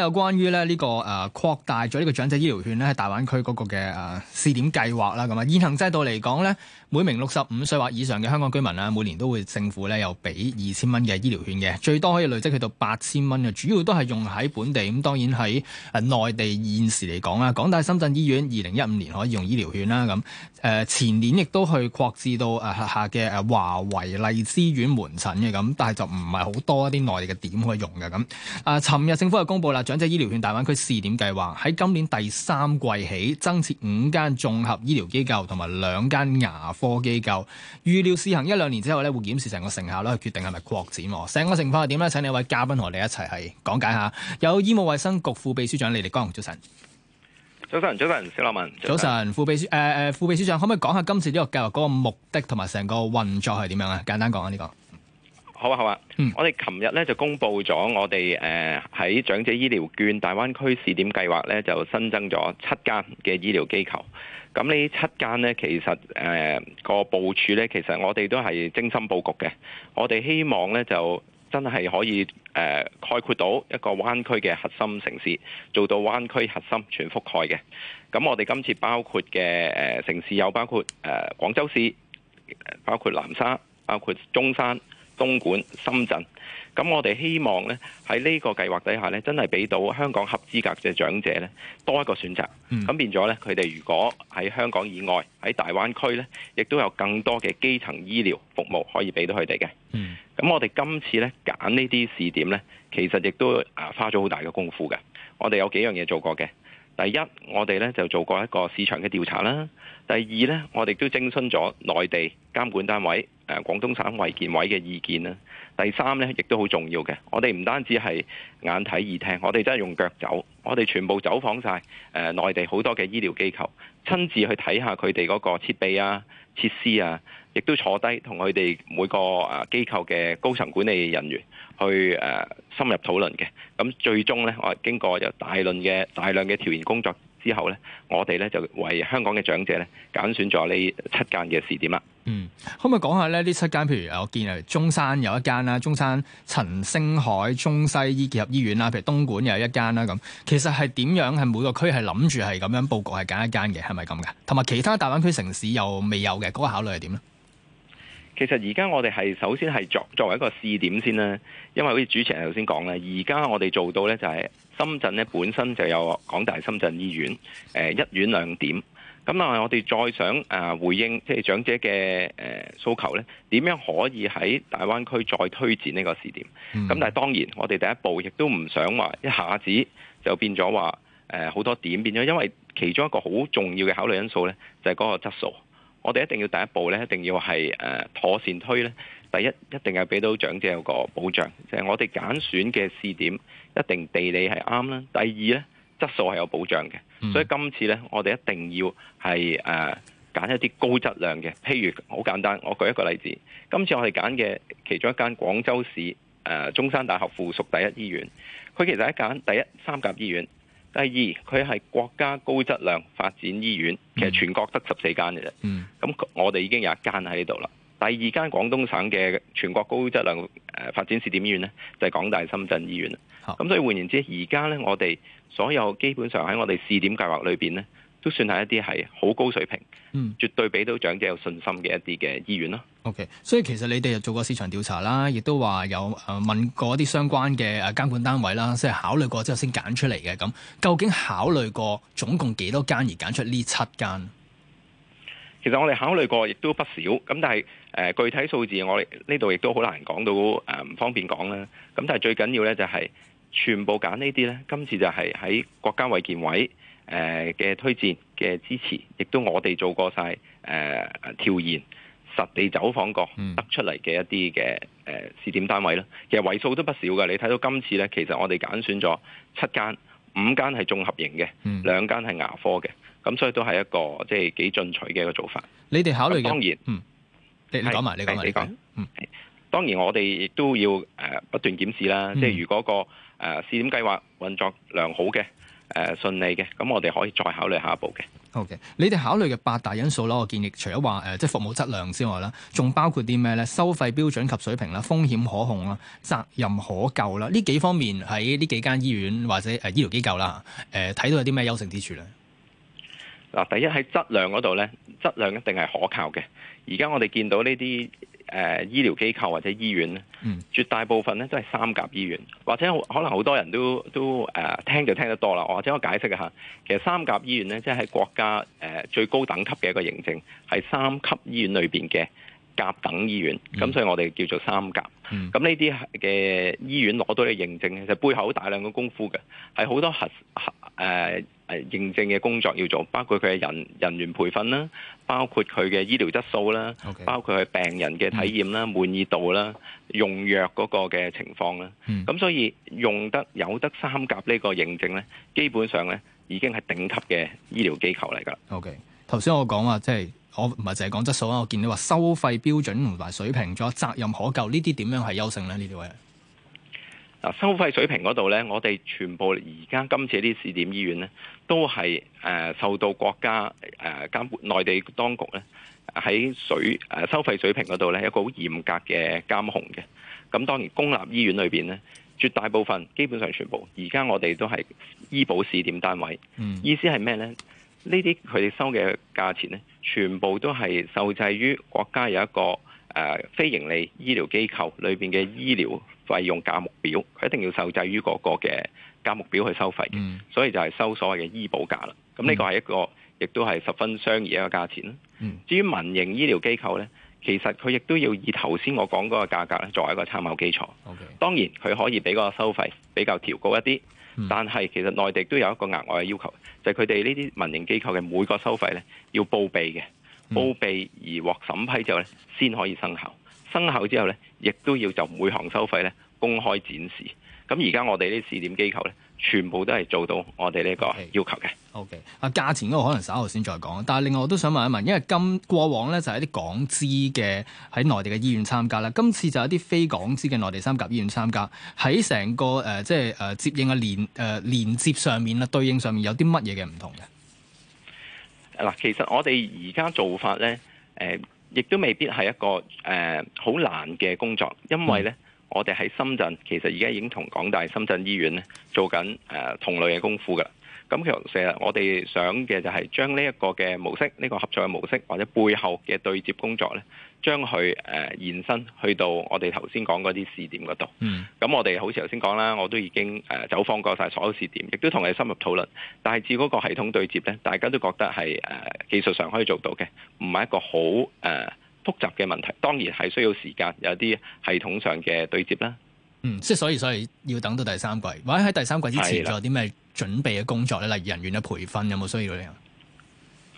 有關於咧，呢個誒擴大咗呢個長者醫療券咧喺大灣區嗰個嘅誒試點計劃啦，咁啊現行制度嚟講咧。每名六十五歲或以上嘅香港居民啦，每年都會政府咧有俾二千蚊嘅醫療券嘅，最多可以累積去到八千蚊嘅，主要都係用喺本地。咁當然喺內地現時嚟講啦，港大深圳醫院二零一五年可以用醫療券啦，咁誒前年亦都去擴至到誒轄下嘅誒華為荔枝苑門診嘅，咁，但係就唔係好多一啲內地嘅點可以用嘅咁。誒，尋日政府又公布啦，長者醫療券大灣區試點計劃喺今年第三季起增設五間綜合醫療機構同埋兩間牙科機構預料試行一兩年之後咧，會檢視成個成效啦，去決定係咪擴展。成個情況係點咧？請你位嘉賓同我哋一齊係講解下。有醫務衛生局副秘書長李力綱，早晨。早晨，早晨，小羅文。早晨，副秘書誒誒、呃、副秘書長，可唔可以講下今次呢個計劃嗰個目的同埋成個運作係點樣咧？簡單講下呢、呢個。好啊，好啊。嗯、我哋琴日咧就公布咗我哋誒喺長者醫療券大灣區試點計劃咧，就新增咗七間嘅醫療機構。咁呢七間呢，其實誒、呃那個部署呢，其實我哋都係精心佈局嘅。我哋希望呢，就真係可以誒、呃、概括到一個灣區嘅核心城市，做到灣區核心全覆蓋嘅。咁我哋今次包括嘅、呃、城市有包括、呃、廣州市，包括南沙，包括中山、東莞、深圳。咁我哋希望咧，喺呢個計劃底下咧，真係俾到香港合資格嘅長者咧，多一個選擇。咁、mm. 變咗咧，佢哋如果喺香港以外，喺大灣區咧，亦都有更多嘅基層醫療服務可以俾到佢哋嘅。咁、mm. 我哋今次咧揀呢啲試點咧，其實亦都啊花咗好大嘅功夫嘅。我哋有幾樣嘢做過嘅。第一，我哋咧就做過一個市場嘅調查啦。第二咧，我哋都徵詢咗內地監管單位。誒廣東省衞健委嘅意見啦，第三呢亦都好重要嘅。我哋唔單止係眼睇耳聽，我哋真係用腳走，我哋全部走訪晒誒、呃、內地好多嘅醫療機構，親自去睇下佢哋嗰個設備啊、設施啊，亦都坐低同佢哋每個啊機構嘅高層管理人員去、呃、深入討論嘅。咁最終呢，我經過有大論嘅大量嘅調研工作。之後咧，我哋咧就為香港嘅長者咧揀選咗呢七間嘅試點啦。嗯，可唔可以講下咧呢七間？譬如我見啊，中山有一間啦，中山陳星海中西醫結合醫院啦，譬如東莞又有一間啦，咁其實係點樣？係每個區係諗住係咁樣佈局，係揀一間嘅，係咪咁噶？同埋其他大灣區城市又未有嘅，嗰個考慮係點咧？其實而家我哋係首先係作作為一個試點先啦，因為好似主持人頭先講咧，而家我哋做到呢就係深圳呢本身就有港大深圳醫院，誒一院兩點。咁但我哋再想誒回應即係、就是、長者嘅誒訴求呢，點樣可以喺大灣區再推展呢個試點？咁、嗯、但係當然我哋第一步亦都唔想話一下子就變咗話誒好多點變咗，因為其中一個好重要嘅考慮因素呢，就係嗰個質素。我哋一定要第一步咧，一定要係誒妥善推咧。第一，一定要俾到長者有個保障，就係我哋揀選嘅試點，一定地理係啱啦。第二咧，質素係有保障嘅。所以今次咧，我哋一定要係誒揀一啲高質量嘅，譬如好簡單，我舉一個例子。今次我哋揀嘅其中一間廣州市誒中山大學附屬第一醫院，佢其實一間第一三甲醫院。第二，佢係國家高質量發展醫院，其實全國得十四間嘅啫。咁我哋已經有一間喺呢度啦。第二間廣東省嘅全國高質量誒發展試點醫院呢，就係、是、港大深圳醫院啦。咁所以換言之，而家呢，我哋所有基本上喺我哋試點計劃裏邊呢，都算係一啲係好高水平，嗯，絕對俾到長者有信心嘅一啲嘅醫院咯。OK，所以其實你哋又做過市場調查啦，亦都話有問過一啲相關嘅監管單位啦，即係考慮過之後先揀出嚟嘅咁。究竟考慮過總共幾多間而揀出呢七間？其實我哋考慮過亦都不少，咁但係誒具體數字我哋呢度亦都好難講到，誒唔方便講啦。咁但係最緊要咧就係全部揀呢啲咧，今次就係喺國家衞健委，誒、呃、嘅推薦嘅支持，亦都我哋做過晒誒調研，實地走訪過，得出嚟嘅一啲嘅誒試點單位啦，嗯。其實為數都不少㗎。你睇到今次咧，其實我哋揀選咗七間，五間係綜合型嘅，兩間係牙科嘅，咁所以都係一個即係幾進取嘅一個做法。你哋考慮當然，嗯，你你講埋你講埋你講嗯，當然我哋亦都要誒不斷檢視啦，嗯。即係如果個誒試點計劃運作良好嘅。誒，順利嘅，咁我哋可以再考慮下一步嘅。OK，你哋考慮嘅八大因素咯，我建議除咗話誒，即係服務質量之外啦，仲包括啲咩咧？收費標準及水平啦，風險可控啦，責任可救啦，呢幾方面喺呢幾間醫院或者誒醫療機構啦，誒睇到有啲咩優勝之處咧？嗱，第一喺質量嗰度咧，質量一定係可靠嘅。而家我哋見到呢啲。誒、呃、醫療機構或者醫院咧，絕大部分咧都係三甲醫院，或者可能好多人都都誒、呃、聽就聽得多啦。或者我解釋一下，其實三甲醫院咧即係喺國家誒、呃、最高等級嘅一個認證，係三級醫院裏邊嘅甲等醫院，咁、嗯、所以我哋叫做三甲。咁呢啲嘅醫院攞到嘅認證其實背後好大量嘅功夫嘅，係好多核核誒、呃誒認證嘅工作要做，包括佢嘅人人員培訓啦，包括佢嘅醫療質素啦，okay. 包括佢病人嘅體驗啦、mm. 滿意度啦、用藥嗰個嘅情況啦。咁、mm. 所以用得有得三甲呢個認證呢，基本上呢已經係頂級嘅醫療機構嚟㗎。O K，頭先我講話即係我唔係淨係講質素啦，我見你話收費標準同埋水平，仲有責任可救呢啲點樣係優勝呢？呢啲位？收費水平嗰度呢，我哋全部而家今次啲試點醫院呢，都係誒、呃、受到國家誒監管，內地當局咧喺水誒、呃、收費水平嗰度咧有一個好嚴格嘅監控嘅。咁當然公立醫院裏邊咧，絕大部分基本上全部，而家我哋都係醫保試點單位。嗯、意思係咩呢？呢啲佢哋收嘅價錢咧，全部都係受制於國家有一個誒、呃、非盈利醫療機構裏邊嘅醫療費用價目表，佢一定要受制於嗰個嘅價目表去收費嘅、嗯，所以就係收所謂嘅醫保價啦。咁呢個係一個，亦都係十分相宜一個價錢、嗯。至於民營醫療機構呢，其實佢亦都要以頭先我講嗰個價格咧作為一個參考基礎。Okay. 當然佢可以俾個收費比較調高一啲、嗯，但係其實內地都有一個額外嘅要求，就係佢哋呢啲民營機構嘅每個收費咧要報備嘅，報備而獲審批之後咧先可以生效。生效之後咧，亦都要就每項收費咧公開展示。咁而家我哋呢啲試點機構咧，全部都係做到我哋呢個要求嘅。O K 啊，價錢嗰個可能稍後先再講。但係另外我都想問一問，因為今過往咧就係、是、一啲港資嘅喺內地嘅醫院參加啦，今次就係一啲非港資嘅內地三甲醫院參加喺成個誒，即係誒接應嘅連誒、呃、連接上面啊對應上面有啲乜嘢嘅唔同嘅嗱？其實我哋而家做法咧誒。呃亦都未必係一個誒好、呃、難嘅工作，因為咧，我哋喺深圳其實而家已經同港大深圳醫院咧做緊誒、呃、同類嘅功夫㗎。咁其實成日我哋想嘅就係將呢一個嘅模式，呢、這個合作嘅模式，或者背後嘅對接工作咧，將佢誒、呃、延伸去到我哋頭先講嗰啲試點嗰度。咁、嗯、我哋好似頭先講啦，我都已經誒、呃、走訪過晒所有試點，亦都同你深入討論。但係至嗰個系統對接咧，大家都覺得係誒、呃、技術上可以做到嘅，唔係一個好誒、呃、複雜嘅問題。當然係需要時間，有啲系統上嘅對接啦。嗯，即係所以，所以要等到第三季，或者喺第三季之前，有啲咩？準備嘅工作咧，例如人員嘅培訓有冇需要咧？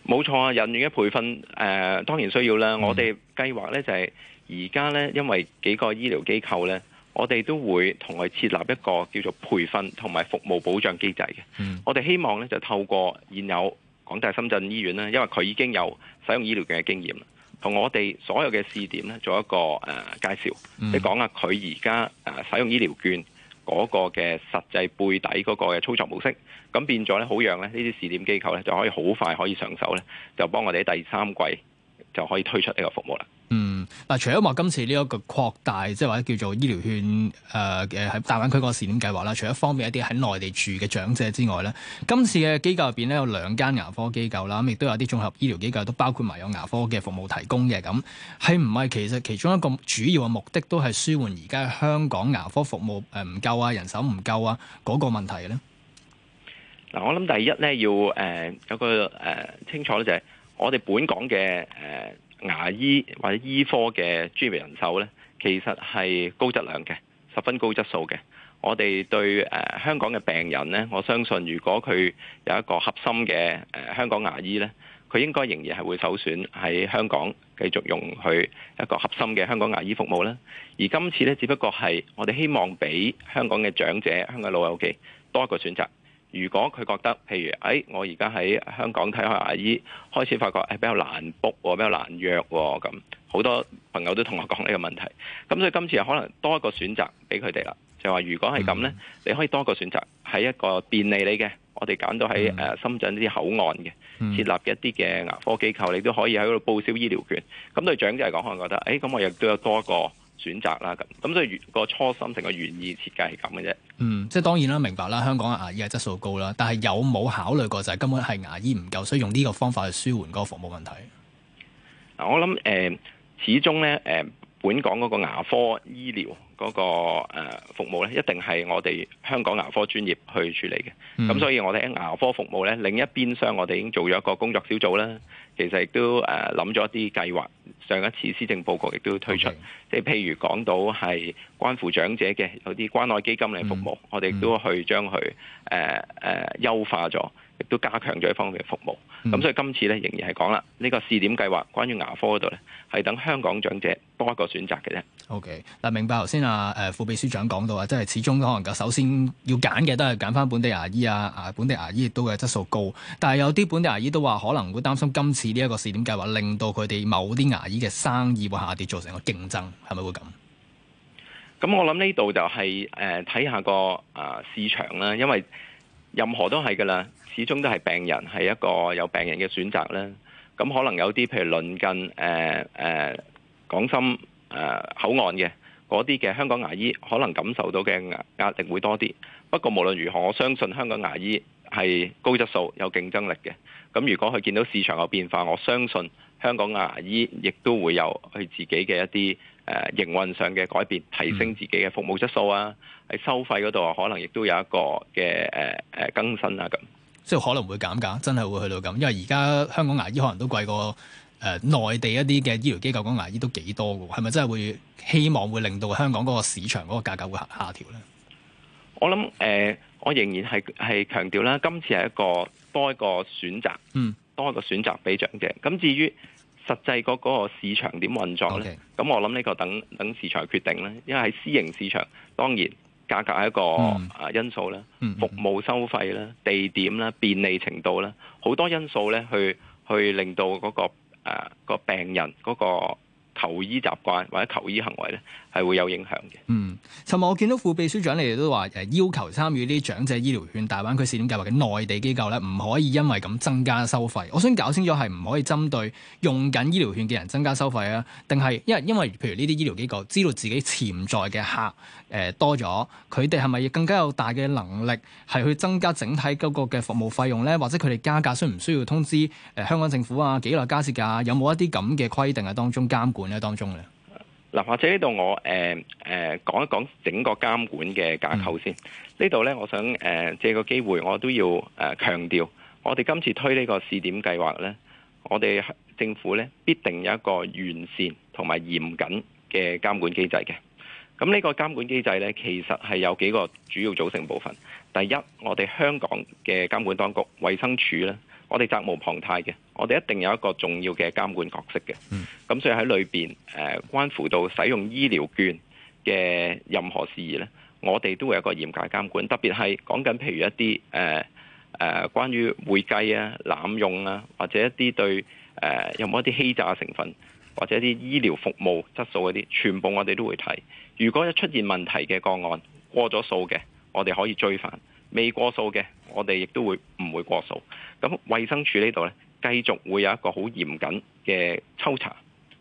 冇錯啊，人員嘅培訓誒、呃、當然需要啦、嗯。我哋計劃咧就係而家咧，因為幾個醫療機構咧，我哋都會同佢設立一個叫做培訓同埋服務保障機制嘅、嗯。我哋希望咧就透過現有港大深圳醫院咧，因為佢已經有使用醫療嘅經驗，同我哋所有嘅試點咧做一個誒、呃、介紹。嗯、你講下佢而家誒使用醫療券。嗰、那個嘅實際背底嗰個嘅操作模式，咁變咗咧，好讓咧呢啲試點機構咧就可以好快可以上手咧，就幫我哋喺第三季，就可以推出呢個服務啦。嗯，嗱，除咗話今次呢一個擴大，即係或者叫做醫療券誒嘅喺大灣區個試點計劃啦，除咗方便一啲喺內地住嘅長者之外咧，今次嘅機構入邊咧有兩間牙科機構啦，咁亦都有啲綜合醫療機構都包括埋有牙科嘅服務提供嘅，咁係唔係其實其中一個主要嘅目的都係舒緩而家香港牙科服務誒唔夠啊，人手唔夠啊嗰、嗰個問題嘅咧？嗱，我諗第一咧要誒、呃、有個誒、呃、清楚咧就係。我哋本港嘅牙醫或者醫科嘅專業人手呢，其實係高質量嘅，十分高質素嘅。我哋對香港嘅病人呢，我相信如果佢有一個合心嘅香港牙醫呢，佢應該仍然係會首選喺香港繼續用佢一個合心嘅香港牙醫服務啦。而今次呢，只不過係我哋希望俾香港嘅長者、香港老友記多一個選擇。如果佢覺得，譬如誒、哎，我而家喺香港睇下牙醫，開始發覺係、哎、比較難 book，比較難約喎，咁好多朋友都同我講呢個問題。咁所以今次可能多一個選擇俾佢哋啦，就話如果係咁呢，你可以多一個選擇喺一個便利你嘅，我哋揀到喺誒、嗯啊、深圳啲口岸嘅、嗯、設立一啲嘅牙科機構，你都可以喺度報銷醫療券。咁對長者嚟講，可能覺得，誒、哎，咁我亦都有多一個選擇啦，咁咁所以個初心、成個原意設計係咁嘅啫。嗯，即係當然啦，明白啦，香港嘅牙醫係質素高啦，但係有冇考慮過就係根本係牙醫唔夠，所以用呢個方法去舒緩嗰個服務問題？嗱，我諗誒，始終咧誒、呃，本港嗰個牙科醫療嗰、嗰個、呃、服務咧，一定係我哋香港牙科專業去處理嘅。咁、嗯、所以我哋喺牙科服務咧，另一邊廂我哋已經做咗一個工作小組啦。其實亦都誒諗咗一啲計劃，上一次施政報告亦都推出，即、okay. 係譬如講到係關乎長者嘅有啲關愛基金嘅服務，mm-hmm. 我哋亦都去將佢誒誒優化咗，亦都加強咗一方面嘅服務。咁、嗯、所以今次咧，仍然係講啦，呢、這個試點計劃關於牙科嗰度咧，係等香港長者多一個選擇嘅啫。OK，嗱，明白頭先啊，誒、呃，副秘書長講到啊，即係始終可能嘅，首先要揀嘅都係揀翻本地牙醫啊，啊，本地牙醫亦都嘅質素高。但係有啲本地牙醫都話，可能會擔心今次呢一個試點計劃，令到佢哋某啲牙醫嘅生意會下跌，造成個競爭，係咪會咁？咁、嗯、我諗呢度就係、是、誒，睇、呃、下個誒、呃、市場啦，因為任何都係噶啦。始終都係病人係一個有病人嘅選擇咧，咁可能有啲譬如鄰近誒誒、呃呃、港深誒、呃、口岸嘅嗰啲嘅香港牙醫，可能感受到嘅壓壓力會多啲。不過無論如何，我相信香港牙醫係高質素、有競爭力嘅。咁如果佢見到市場嘅變化，我相信香港牙醫亦都會有佢自己嘅一啲誒、呃、營運上嘅改變，提升自己嘅服務質素啊，喺收費嗰度可能亦都有一個嘅誒誒更新啊咁。即係可能會減價，真係會去到咁。因為而家香港牙醫可能都貴過誒、呃、內地一啲嘅醫療機構嘅牙醫都幾多喎，係咪真係會希望會令到香港嗰個市場嗰個價格會下調呢？我諗誒、呃，我仍然係係強調啦，今次係一個多一個選擇，嗯，多一個選擇俾長者。咁至於實際嗰個市場點運作呢？咁、okay. 我諗呢個等等市場決定呢，因為喺私營市場當然。價格係一個啊因素啦、嗯嗯，服務收費啦、地點啦、便利程度啦，好多因素咧，去去令到嗰、嗰個啊個、呃、病人嗰、嗰個求醫習慣或者求醫行為咧，係會有影響嘅。嗯尋日我見到副秘書長，你哋都話要求參與呢啲長者醫療券大灣區試點計劃嘅內地機構咧，唔可以因為咁增加收費。我想搞清楚係唔可以針對用緊醫療券嘅人增加收費呀？定係因為因為譬如呢啲醫療機構知道自己潛在嘅客多咗，佢哋係咪更加有大嘅能力係去增加整體嗰個嘅服務費用咧？或者佢哋加價需唔需要通知香港政府啊？幾耐加一次價？有冇一啲咁嘅規定啊，當中監管咧？當中咧？嗱，或者呢度我誒誒講一講整個監管嘅架構先。呢度咧，我想誒借個機會，我都要誒強調，我哋今次推呢個試點計劃咧，我哋政府咧必定有一個完善同埋嚴謹嘅監管機制嘅。咁呢個監管機制咧，其實係有幾個主要組成部分。第一，我哋香港嘅監管當局，衛生署咧。我哋責無旁貸嘅，我哋一定有一個重要嘅監管角色嘅。咁所以喺裏邊，誒、呃、關乎到使用醫療券嘅任何事宜咧，我哋都會有一個嚴格監管。特別係講緊譬如一啲誒誒關於會計啊、濫用啊，或者一啲對誒有冇一啲欺詐成分，或者啲醫療服務質素嗰啲，全部我哋都會睇。如果一出現問題嘅個案過咗數嘅，我哋可以追返。未過數嘅，我哋亦都會唔會過數。咁，衛生署呢度呢，繼續會有一個好嚴謹嘅抽查，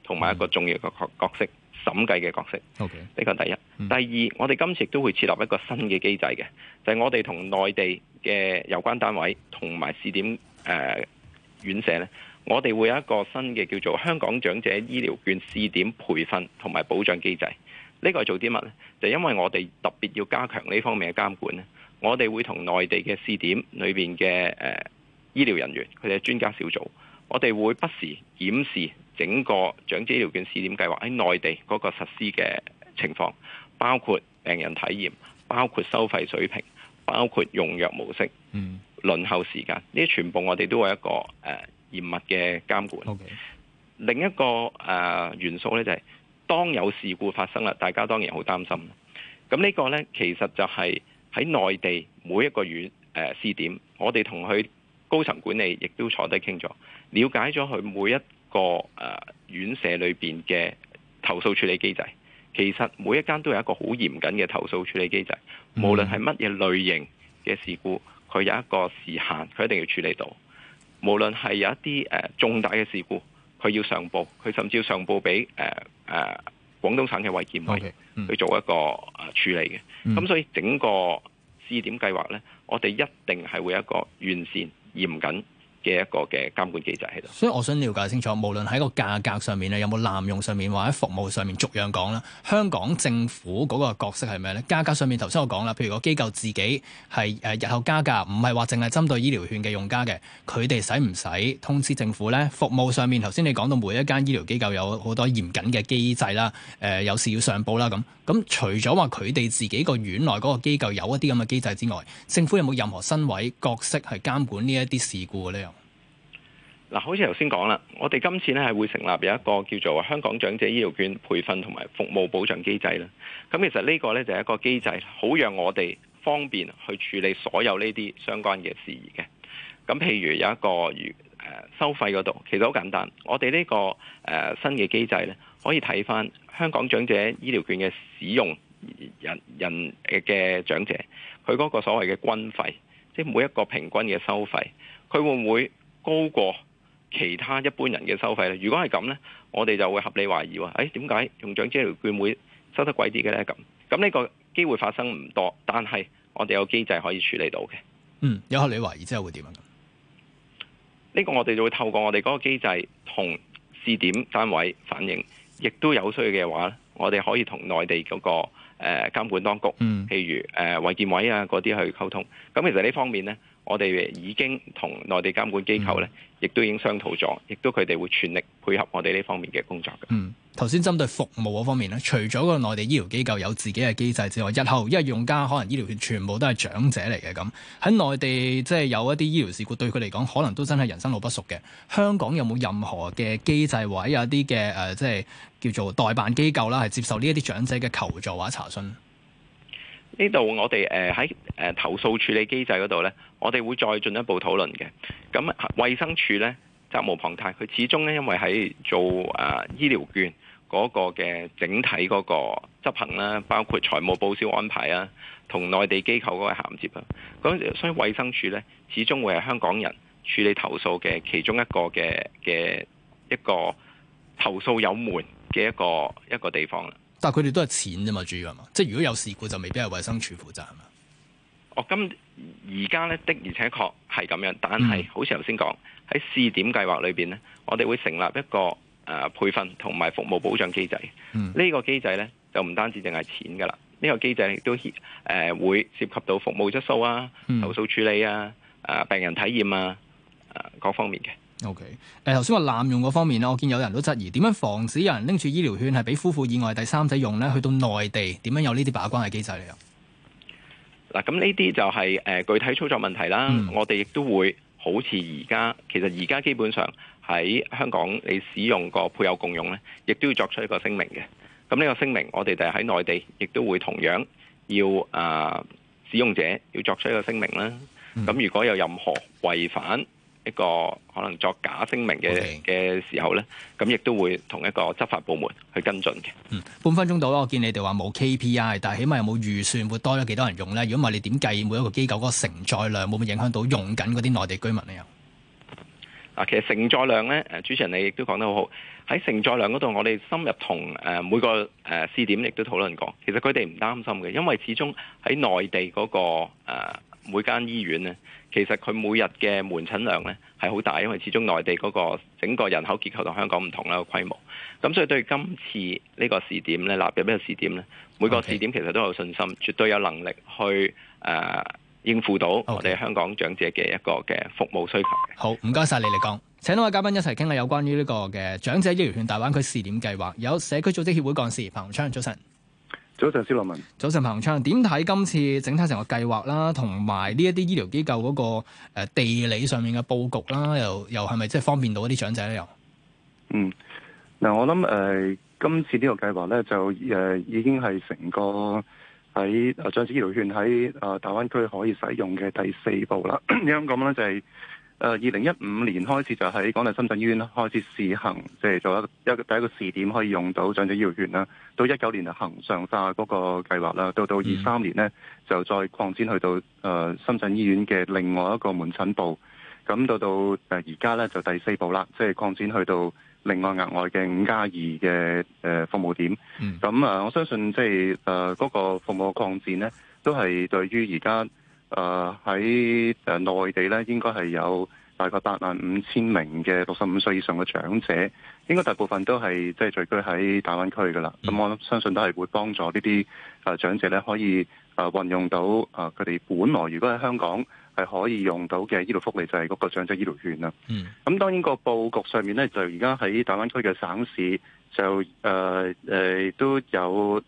同埋一個重要嘅角色審計嘅角色。OK，呢個係第一。第二，我哋今次都會設立一個新嘅機制嘅，就係、是、我哋同內地嘅有關單位同埋試點誒、呃、院社呢，我哋會有一個新嘅叫做香港長者醫療券試點培訓同埋保障機制。呢個係做啲乜呢？就是、因為我哋特別要加強呢方面嘅監管呢，我哋會同內地嘅試點裏邊嘅誒醫療人員，佢哋嘅專家小組，我哋會不時檢視整個長者醫療券試點計劃喺內地嗰個實施嘅情況，包括病人體驗，包括收費水平，包括用藥模式，嗯，輪候時間，呢啲全部我哋都係一個誒嚴、呃、密嘅監管。Okay. 另一個誒、呃、元素呢，就係、是，當有事故發生啦，大家當然好擔心。咁呢個呢，其實就係、是。喺內地每一個院誒試、呃、點，我哋同佢高層管理亦都坐低傾咗，了解咗佢每一個誒院舍裏邊嘅投訴處理機制。其實每一間都有一個好嚴謹嘅投訴處理機制，嗯、無論係乜嘢類型嘅事故，佢有一個時限，佢一定要處理到。無論係有一啲誒、呃、重大嘅事故，佢要上報，佢甚至要上報俾誒誒。呃呃廣東省嘅衛健委去做一個處理嘅。咁、okay, 嗯，所以整個試點計劃呢，我哋一定係會有一個完善嚴謹、嚴謹嘅一個嘅監管機制喺度，所以我想了解清楚，無論喺個價格上面咧，有冇濫用上面，或者服務上面逐樣講啦。香港政府嗰個角色係咩呢？價格上面頭先我講啦，譬如個機構自己係誒日後加價，唔係話淨係針對醫療券嘅用家嘅，佢哋使唔使通知政府呢？服務上面頭先你講到每一間醫療機構有好多嚴謹嘅機制啦，誒有事要上報啦咁。咁除咗話佢哋自己個院內嗰個機構有一啲咁嘅機制之外，政府有冇任何身位角色係監管呢一啲事故咧？嗱，好似頭先講啦，我哋今次咧係會成立有一個叫做香港長者醫療券培訓同埋服務保障機制啦。咁其實呢個呢，就係一個機制，好讓我哋方便去處理所有呢啲相關嘅事宜嘅。咁譬如有一個如誒收費嗰度，其實好簡單。我哋呢個誒新嘅機制呢，可以睇翻香港長者醫療券嘅使用人人嘅長者，佢嗰個所謂嘅均費，即係每一個平均嘅收費，佢會唔會高過其他一般人嘅收費咧，如果係咁呢，我哋就會合理懷疑喎。誒、哎，點解用長者醫療券會收得貴啲嘅呢？咁咁呢個機會發生唔多，但係我哋有機制可以處理到嘅。嗯，有合理懷疑之後會點樣？呢、呢個我哋就會透過我哋嗰個機制同試點單位反映，亦都有需要嘅話，我哋可以同內地嗰個誒監管當局，嗯、譬如誒衞健委啊嗰啲去溝通。咁其實呢方面呢。我哋已經同內地監管機構咧，亦都已經商討咗，亦都佢哋會全力配合我哋呢方面嘅工作嘅。嗯，頭先針對服務嗰方面咧，除咗個內地醫療機構有自己嘅機制之外，日後因為用家可能醫療券全部都係長者嚟嘅咁，喺內地即係、就是、有一啲醫療事故對佢嚟講，可能都真係人生路不熟嘅。香港有冇任何嘅機制或者有一啲嘅誒，即係叫做代辦機構啦，係接受呢一啲長者嘅求助或查詢？呢度我哋誒喺誒投訴處理機制嗰度呢，我哋會再進一步討論嘅。咁衞生署呢，責無旁貸，佢始終咧因為喺做誒醫療券嗰個嘅整體嗰個執行啦，包括財務報銷安排啊，同內地機構嗰個銜接啊，咁所以衞生署呢，始終會係香港人處理投訴嘅其中一個嘅嘅一個投訴有門嘅一個一個地方。佢、啊、哋都係錢啫嘛，主要係嘛，即係如果有事故就未必係衛生署負責係嘛。哦，咁而家咧的而且確係咁樣，但係、嗯、好似頭先講喺試點計劃裏邊咧，我哋會成立一個誒、呃、培訓同埋服務保障機制。嗯這個、機制呢個機制咧就唔單止淨係錢噶啦，呢、這個機制亦都誒會涉及到服務質素啊、嗯、投訴處理啊、誒病人體驗啊、誒各方面嘅。O.K.，誒頭先話濫用嗰方面咧，我見有人都質疑點樣防止有人拎住醫療券係俾夫婦以外第三者用咧，去到內地點樣有呢啲把關嘅機制咧？嗱，咁呢啲就係誒具體操作問題啦、嗯。我哋亦都會好似而家，其實而家基本上喺香港你使用個配偶共用咧，亦都要作出一個聲明嘅。咁呢個聲明，我哋就係喺內地亦都會同樣要啊、呃、使用者要作出一個聲明啦。咁如果有任何違反，一個可能作假聲明嘅嘅時候呢，咁亦都會同一個執法部門去跟進嘅。嗯，半分鐘到啦，我見你哋話冇 KPI，但係起碼有冇預算會多咗幾多人用呢？如果唔係，你點計每一個機構嗰個承載量，會唔會影響到用緊嗰啲內地居民呢？又啊，其實承載量呢，誒，主持人你亦都講得好好。喺承載量嗰度，我哋深入同誒每個誒試點亦都討論過。其實佢哋唔擔心嘅，因為始終喺內地嗰個誒每間醫院呢。其實佢每日嘅門診量咧係好大，因為始終內地嗰個整個人口結構同香港唔同啦，個規模。咁所以對今次呢個試點咧，納入呢個試點咧，每個試點其實都有信心，okay. 絕對有能力去誒、呃、應付到我哋香港長者嘅一個嘅服務需求。Okay. 好，唔該晒，你嚟講。請兩位嘉賓一齊傾下有關於呢個嘅長者醫療券大灣區試點計劃。有社區組織協會幹事彭鴻昌，早晨。早晨，蕭樂文。早晨，彭鴻昌。點睇今次整體成個計劃啦，同埋呢一啲醫療機構嗰個誒地理上面嘅佈局啦，又又係咪即係方便到一啲長者咧？又嗯，嗱，我諗誒，今次這個計劃呢個計劃咧，就誒、呃、已經係成個喺誒、呃、長者醫療券喺誒、呃、大灣區可以使用嘅第四步啦。點講咧， 就係、是。誒，二零一五年開始就喺港大深圳醫院開始試行，即係做一一個第一個試點，可以用到長者醫療券啦。到一九年就行上化嗰個計劃啦，到到二三年呢就再擴展去到誒、呃、深圳醫院嘅另外一個門診部。咁到到誒而家呢就第四步啦，即係擴展去到另外額外嘅五加二嘅誒服務點。咁、mm. 啊，我相信即係誒嗰個服務擴展呢都係對於而家。誒喺誒內地咧，應該係有大概八萬五千名嘅六十五歲以上嘅長者，應該大部分都係即係聚居喺大灣區噶啦。咁我相信都係會幫助呢啲誒長者咧，可以誒、呃、運用到誒佢哋本來如果喺香港係可以用到嘅醫療福利，就係嗰個長者醫療券啦。咁、嗯啊、當然個佈局上面咧，就而家喺大灣區嘅省市就誒、呃呃、都有。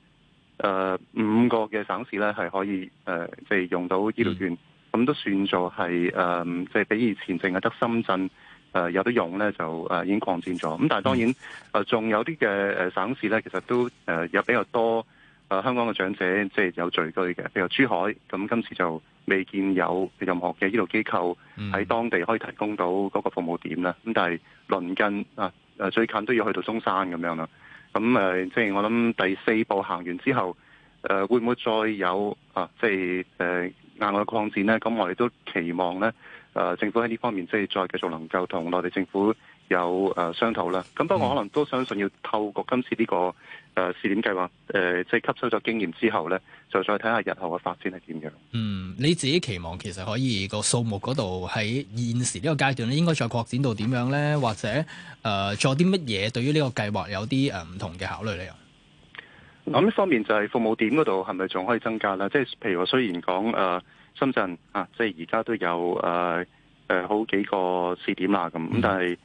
誒、呃、五個嘅省市咧，係可以誒，即、呃、係、就是、用到醫療券，咁、嗯、都算作係誒，即、呃、係、就是、比以前淨係得深圳誒、呃、有得用咧，就、呃、已經擴展咗。咁但係當然仲、嗯呃、有啲嘅省市咧，其實都誒、呃、有比較多誒、呃、香港嘅長者即係、就是、有聚居嘅，譬如珠海，咁今次就未見有任何嘅醫療機構喺當地可以提供到嗰個服務點啦。咁、嗯、但係鄰近啊最近都要去到中山咁樣啦。咁誒，即係我諗第四步行完之後，誒、呃、會唔會再有啊？即係誒額外擴展咧？咁、呃、我哋都期望咧，誒、呃、政府喺呢方面即係再繼續能夠同內地政府。有誒、呃、商討啦，咁不過我可能都相信要透過今次呢、這個誒、呃、試點計劃誒、呃，即係吸收咗經驗之後咧，就再睇下日後嘅發展係點樣。嗯，你自己期望其實可以個數目嗰度喺現時呢個階段咧，應該再擴展到點樣咧？或者誒、呃、做啲乜嘢對於呢個計劃有啲誒唔同嘅考慮咧？咁、嗯、一方面就係服務點嗰度係咪仲可以增加啦？即係譬如話雖然講誒、呃、深圳啊，即係而家都有誒誒、呃呃、好幾個試點啦咁，但係、嗯。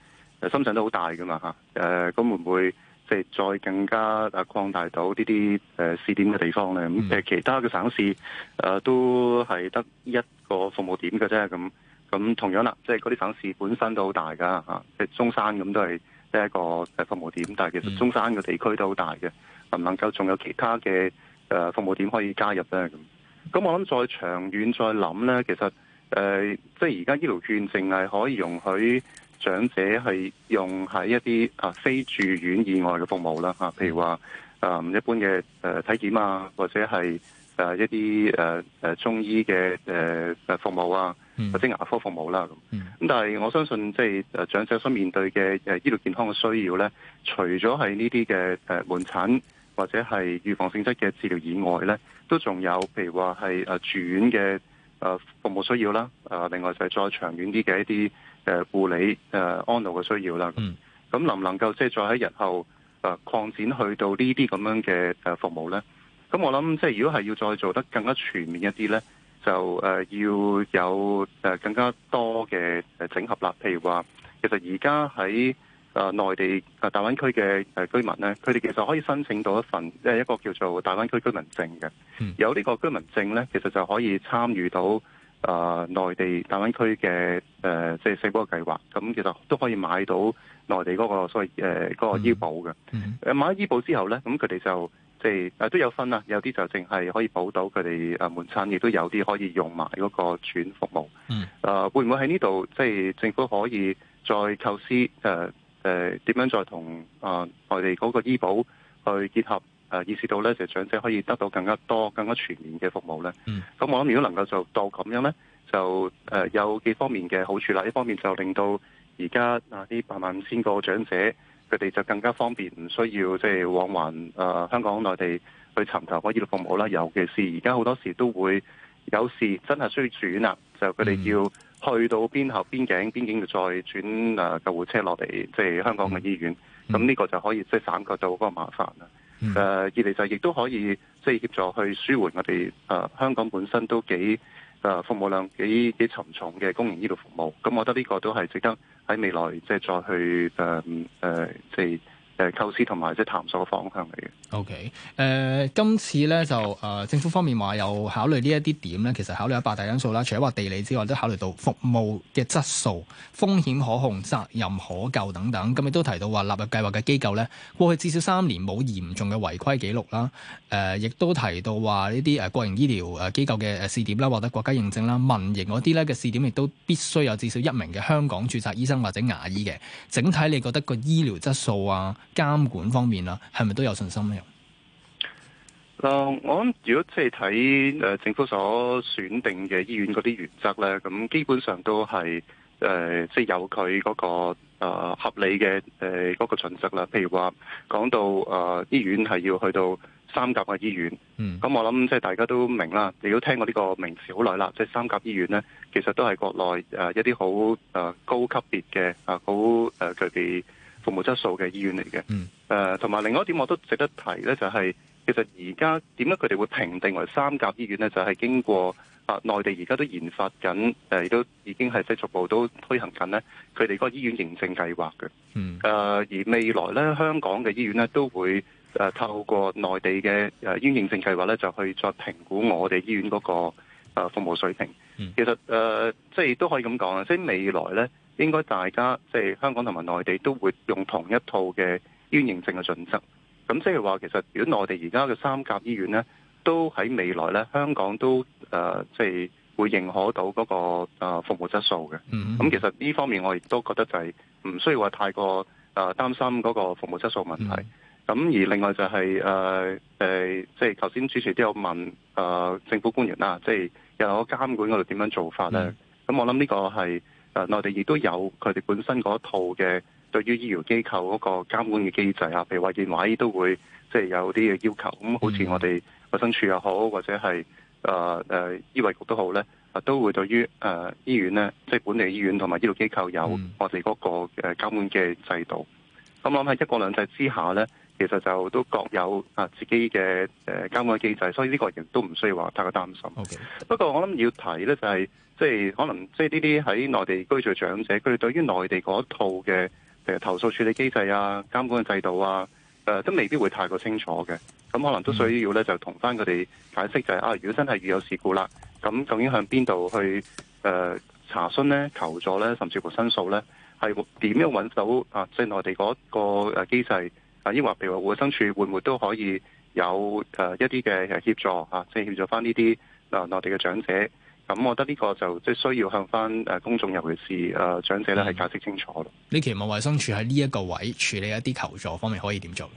深圳都好大噶嘛嚇，咁、啊、會唔會即係再更加誒擴大到呢啲誒試點嘅地方咧？咁其，其他嘅省市誒、呃、都係得一個服務點嘅啫。咁咁同樣啦，即係嗰啲省市本身都好大噶即、啊、中山咁都係得一個誒服務點，但其實中山嘅地區都好大嘅，能唔能夠仲有其他嘅誒、呃、服務點可以加入咧？咁咁我諗再長遠再諗咧，其實誒、呃、即係而家醫療券淨係可以容許。長者係用喺一啲啊非住院以外嘅服務啦，嚇，譬如話誒一般嘅誒體檢啊，或者係誒一啲誒誒中醫嘅誒誒服務啊，或者牙科服務啦。咁、嗯、咁，但係我相信即係長者所面對嘅誒醫療健康嘅需要咧，除咗係呢啲嘅誒門診或者係預防性質嘅治療以外咧，都仲有譬如話係誒住院嘅。誒服務需要啦，誒另外就係再長遠啲嘅一啲誒護理誒安老嘅需要啦。咁、嗯、咁能唔能夠即係再喺日後誒擴展去到呢啲咁樣嘅誒服務咧？咁我諗即係如果係要再做得更加全面一啲咧，就誒要有誒更加多嘅誒整合啦。譬如話，其實而家喺啊、呃，內地啊，大灣區嘅誒、呃、居民咧，佢哋其實可以申請到一份，即係一個叫做大灣區居民證嘅、嗯。有呢個居民證咧，其實就可以參與到啊、呃，內地大灣區嘅誒、呃，即係社保計劃。咁其實都可以買到內地嗰個所謂誒嗰、呃那個醫保嘅。誒、嗯嗯、買咗醫保之後咧，咁佢哋就即係誒都有分啦。有啲就淨係可以保到佢哋誒門診，亦都有啲可以用埋嗰個轉服務。誒、嗯呃、會唔會喺呢度即係政府可以再構思誒？呃誒、呃、點樣再同啊內地嗰個醫保去結合？誒意識到咧，就長者可以得到更加多、更加全面嘅服務咧。咁、mm. 我諗如果能夠做到咁樣咧，就誒、呃、有幾方面嘅好處啦。一方面就令到而家啊啲百萬五千個長者佢哋就更加方便，唔需要即係往還誒、呃、香港內地去尋求嗰醫療服務啦。尤其是而家好多時都會有時真係需要轉啦，就佢哋要、mm.。去到邊後邊境，邊境就再轉救護車落嚟，即係香港嘅醫院。咁、mm-hmm. 呢個就可以即係省卻到嗰個麻煩啦。二、mm-hmm. 嚟、uh, 就亦都可以即係協助去舒緩我哋、uh, 香港本身都幾誒、uh, 服務量幾幾沉重嘅公營醫療服務。咁我覺得呢個都係值得喺未來即係再去誒誒即係。Uh, uh, 呃即係誒構思同埋即係探索嘅方向嚟嘅。O K，誒今次咧就誒、呃、政府方面話有考慮呢一啲點咧，其實考慮有八大因素啦，除咗話地理之外，都考慮到服務嘅質素、風險可控、責任可救等等。咁亦都提到話納入計劃嘅機構咧，過去至少三年冇嚴重嘅違規記錄啦。誒、呃，亦都提到話呢啲誒國營醫療誒機構嘅誒試點啦，獲得國家認證啦，民營嗰啲咧嘅試點亦都必須有至少一名嘅香港注冊醫生或者牙醫嘅。整體你覺得個醫療質素啊？監管方面啦，係咪都有信心呢？嗱，我諗如果即係睇誒政府所選定嘅醫院嗰啲原則呢，咁基本上都係誒即係有佢嗰、嗰個誒、呃、合理嘅誒嗰個準則啦。譬如話講到誒、呃、醫院係要去到三甲嘅醫院，咁、嗯、我諗即係大家都明啦。你都聽過呢個名詞好耐啦，即、就、係、係、三甲醫院呢，其實都係國內誒一啲好誒高級別嘅啊好誒佢哋。服務質素嘅醫院嚟嘅，誒同埋另外一點我都值得提咧、就是，就係其實而家點解佢哋會評定為三甲醫院咧？就係、是、經過啊、呃，內地而家都研發緊，誒、呃、亦都已經係即係逐步都推行緊咧。佢哋嗰個醫院認證計劃嘅，誒、mm. 呃、而未來咧香港嘅醫院咧都會誒、呃、透過內地嘅誒醫院認證計劃咧，就去作評估我哋醫院嗰、那個、呃、服務水平。Mm. 其實誒、呃、即係都可以咁講啊，即係未來咧。應該大家即係香港同埋內地都會用同一套嘅醫院認證嘅準則，咁即係話其實如果內地而家嘅三甲醫院咧，都喺未來咧香港都誒、呃、即係會認可到嗰個服務質素嘅。咁、mm-hmm. 嗯、其實呢方面我亦都覺得就係唔需要話太過誒擔心嗰個服務質素問題。咁、mm-hmm. 而另外就係誒誒，即係頭先主持都有問誒、呃、政府官員啦，即係有監管嗰度點樣做法咧。咁、mm-hmm. 嗯、我諗呢個係。誒內地亦都有佢哋本身嗰套嘅對於醫療機構嗰個監管嘅機制啊，譬如話衞健委都會即係有啲嘅要求，咁好似我哋衛生署又好，或者係誒誒醫衞局都好咧，啊都會對於誒、呃、醫院咧，即係本地醫院同埋醫療機構有我哋嗰個誒監管嘅制度。咁諗喺一國兩制之下咧。其實就都各有啊自己嘅誒監管嘅機制，所以呢個人都唔需要話太過擔心。Okay. 不過我諗要提呢、就是，就係即係可能即係呢啲喺內地居住長者，佢哋對於內地嗰套嘅誒投訴處理機制啊、監管嘅制度啊，誒、呃、都未必會太過清楚嘅。咁可能都需要呢，就同翻佢哋解釋、就是，就係啊，如果真係遇有事故啦，咁究竟向邊度去誒、呃、查詢呢？求助呢？甚至乎申訴呢？係點樣揾到啊？即係內地嗰個誒機制。抑或譬如話，衞生署會唔會都可以有誒一啲嘅協助啊？即、就、係、是、協助翻呢啲誒內地嘅長者。咁我覺得呢個就即係需要向翻誒公眾，尤其是誒長者咧，係解釋清楚咯、嗯。你期望衞生署喺呢一個位置處理一啲求助方面，可以點做？誒、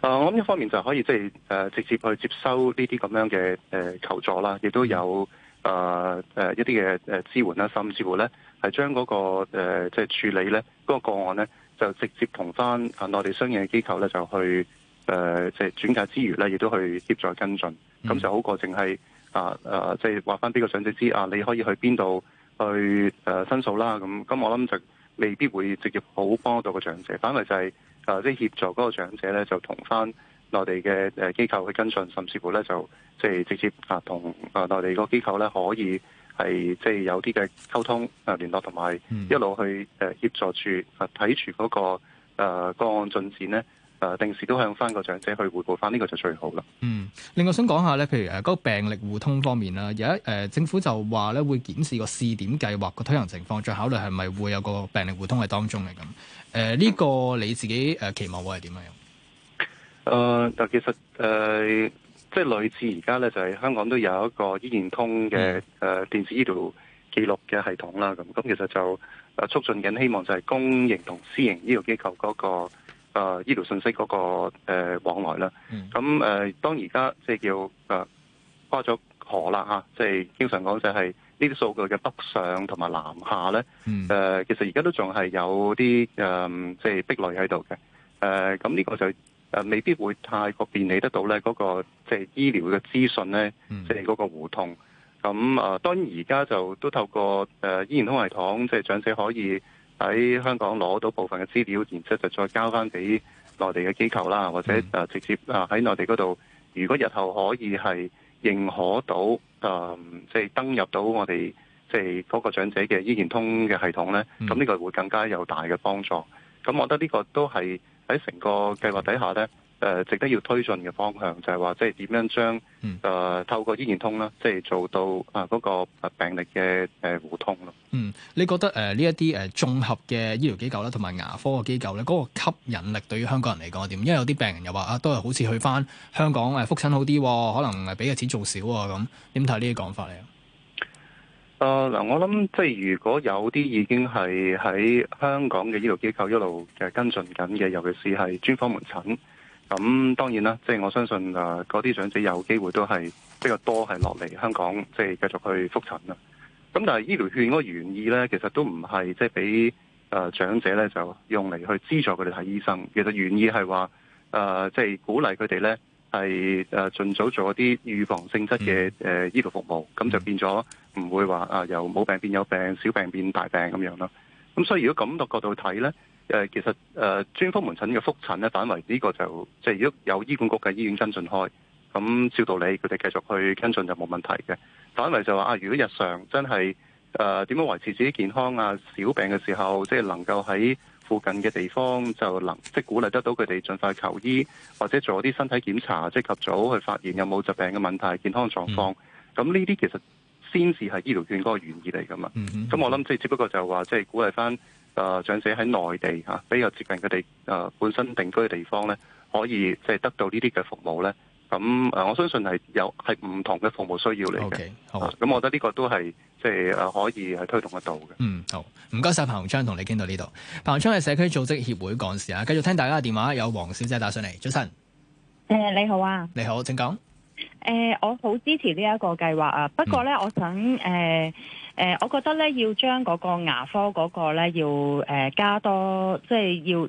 嗯，我諗一方面就可以即係誒直接去接收呢啲咁樣嘅誒求助啦，亦都有誒誒一啲嘅誒支援啦，甚至乎咧係將嗰個即係、呃就是、處理咧嗰個個案咧。就直接同翻啊內地相應嘅機構咧，就去誒即係轉介之餘咧，亦都去協助跟進，咁、嗯、就好過淨係啊即係話翻俾個長者知啊，你可以去邊度去誒、呃、申訴啦。咁咁我諗就未必會直接好，好幫到個長者，反為就係啊即係協助嗰個長者咧，就同翻內地嘅誒機構去跟進，甚至乎咧就即係直接啊同啊內地個機構咧可以。係即係有啲嘅溝通啊聯絡，同埋一路去誒協助住啊睇住嗰個誒個案進展咧，誒定時都向翻個長者去匯報翻，呢個就最好啦。嗯，另外想講下咧，譬如誒嗰個病歷互通方面啦，而家誒政府就話咧會檢視個試點計劃個推行情況，再考慮係咪會有個病歷互通喺當中嚟。咁誒呢個你自己誒期望會係點樣樣？誒，但其實誒。呃即係類似而家咧，就係、是、香港都有一個醫健通嘅，誒、嗯呃、電子醫療記錄嘅系統啦。咁咁其實就誒促進緊，希望就係公營同私營醫療機構嗰、那個誒、呃、醫療信息嗰、那個、呃、往來啦。咁、嗯、誒、呃、當而家即係叫誒跨咗河啦嚇，即、啊、係、就是、經常講就係呢啲數據嘅北上同埋南下咧。誒、嗯呃、其實而家都仲係有啲誒即係壁壘喺度嘅。誒咁呢個就是。呃啊、未必會太過便利得到咧嗰、那個即係、就是、醫療嘅資訊咧，即係嗰個互通。咁誒、啊、當然而家就都透過誒醫健通系統，即、就、係、是、長者可以喺香港攞到部分嘅資料，然之後就再交翻俾內地嘅機構啦，嗯、或者、啊、直接啊喺內地嗰度。如果日後可以係認可到即係、嗯就是、登入到我哋即係嗰個長者嘅醫健通嘅系統咧，咁、嗯、呢個會更加有大嘅幫助。咁我覺得呢個都係。喺成個計劃底下咧，誒值得要推進嘅方向就係、是、話，即係點樣將誒透過醫健通啦，即係做到啊嗰個病歷嘅誒互通咯。嗯，你覺得誒呢一啲誒綜合嘅醫療機構啦，同埋牙科嘅機構咧，嗰、那個吸引力對於香港人嚟講點？因為有啲病人又話啊，都係好似去返香港誒覆診好啲，可能誒俾嘅錢做少喎咁。點睇呢啲講法嚟？誒，嗱，我諗即係如果有啲已經係喺香港嘅醫療機構一路嘅跟進緊嘅，尤其是係專科門診，咁當然啦，即係我相信誒，嗰啲長者有機會都係比較多係落嚟香港，即係繼續去覆診啦。咁但係醫療券嗰個原意咧，其實都唔係即係俾誒長者咧就用嚟去資助佢哋睇醫生，其實原意係話誒，即係鼓勵佢哋咧。係誒、啊，盡早做一啲預防性質嘅誒、嗯呃、醫療服務，咁就變咗唔會話啊由冇病變有病，小病變大病咁樣啦。咁所以如果咁個角度睇咧，誒、啊、其實誒、啊、專科門診嘅覆診咧，反為呢個就即係、就是、如果有醫管局嘅醫院跟進開，咁照道理佢哋繼續去跟進就冇問題嘅。反為就話啊，如果日常真係誒點樣維持自己健康啊，小病嘅時候即係、就是、能夠喺附近嘅地方就能即、就是、鼓勵得到佢哋盡快求醫，或者做一啲身體檢查，即、就是、及早去發現有冇疾病嘅問題、健康狀況。咁呢啲其實先至係醫療券嗰個原意嚟噶嘛。咁、嗯嗯、我諗即、就是、只不過就話即、就是、鼓勵翻啊、呃、長者喺內地吓、啊、比較接近佢哋、呃、本身定居嘅地方咧，可以即得到呢啲嘅服務咧。咁、嗯、誒，我相信係有係唔同嘅服務需要嚟嘅。Okay, 好，咁、啊、我覺得呢個都係即係誒可以係推動得到嘅。嗯，好，唔該曬彭鴻昌同你傾到呢度。彭鴻昌係社區組織協會幹事啊，繼續聽大家嘅電話。有黃小姐打上嚟，早晨。誒、呃，你好啊。你好，請講。誒、呃，我好支持呢一個計劃啊。不過咧，我想誒誒、呃呃，我覺得咧要將嗰個牙科嗰個咧要誒、呃、加多，即係要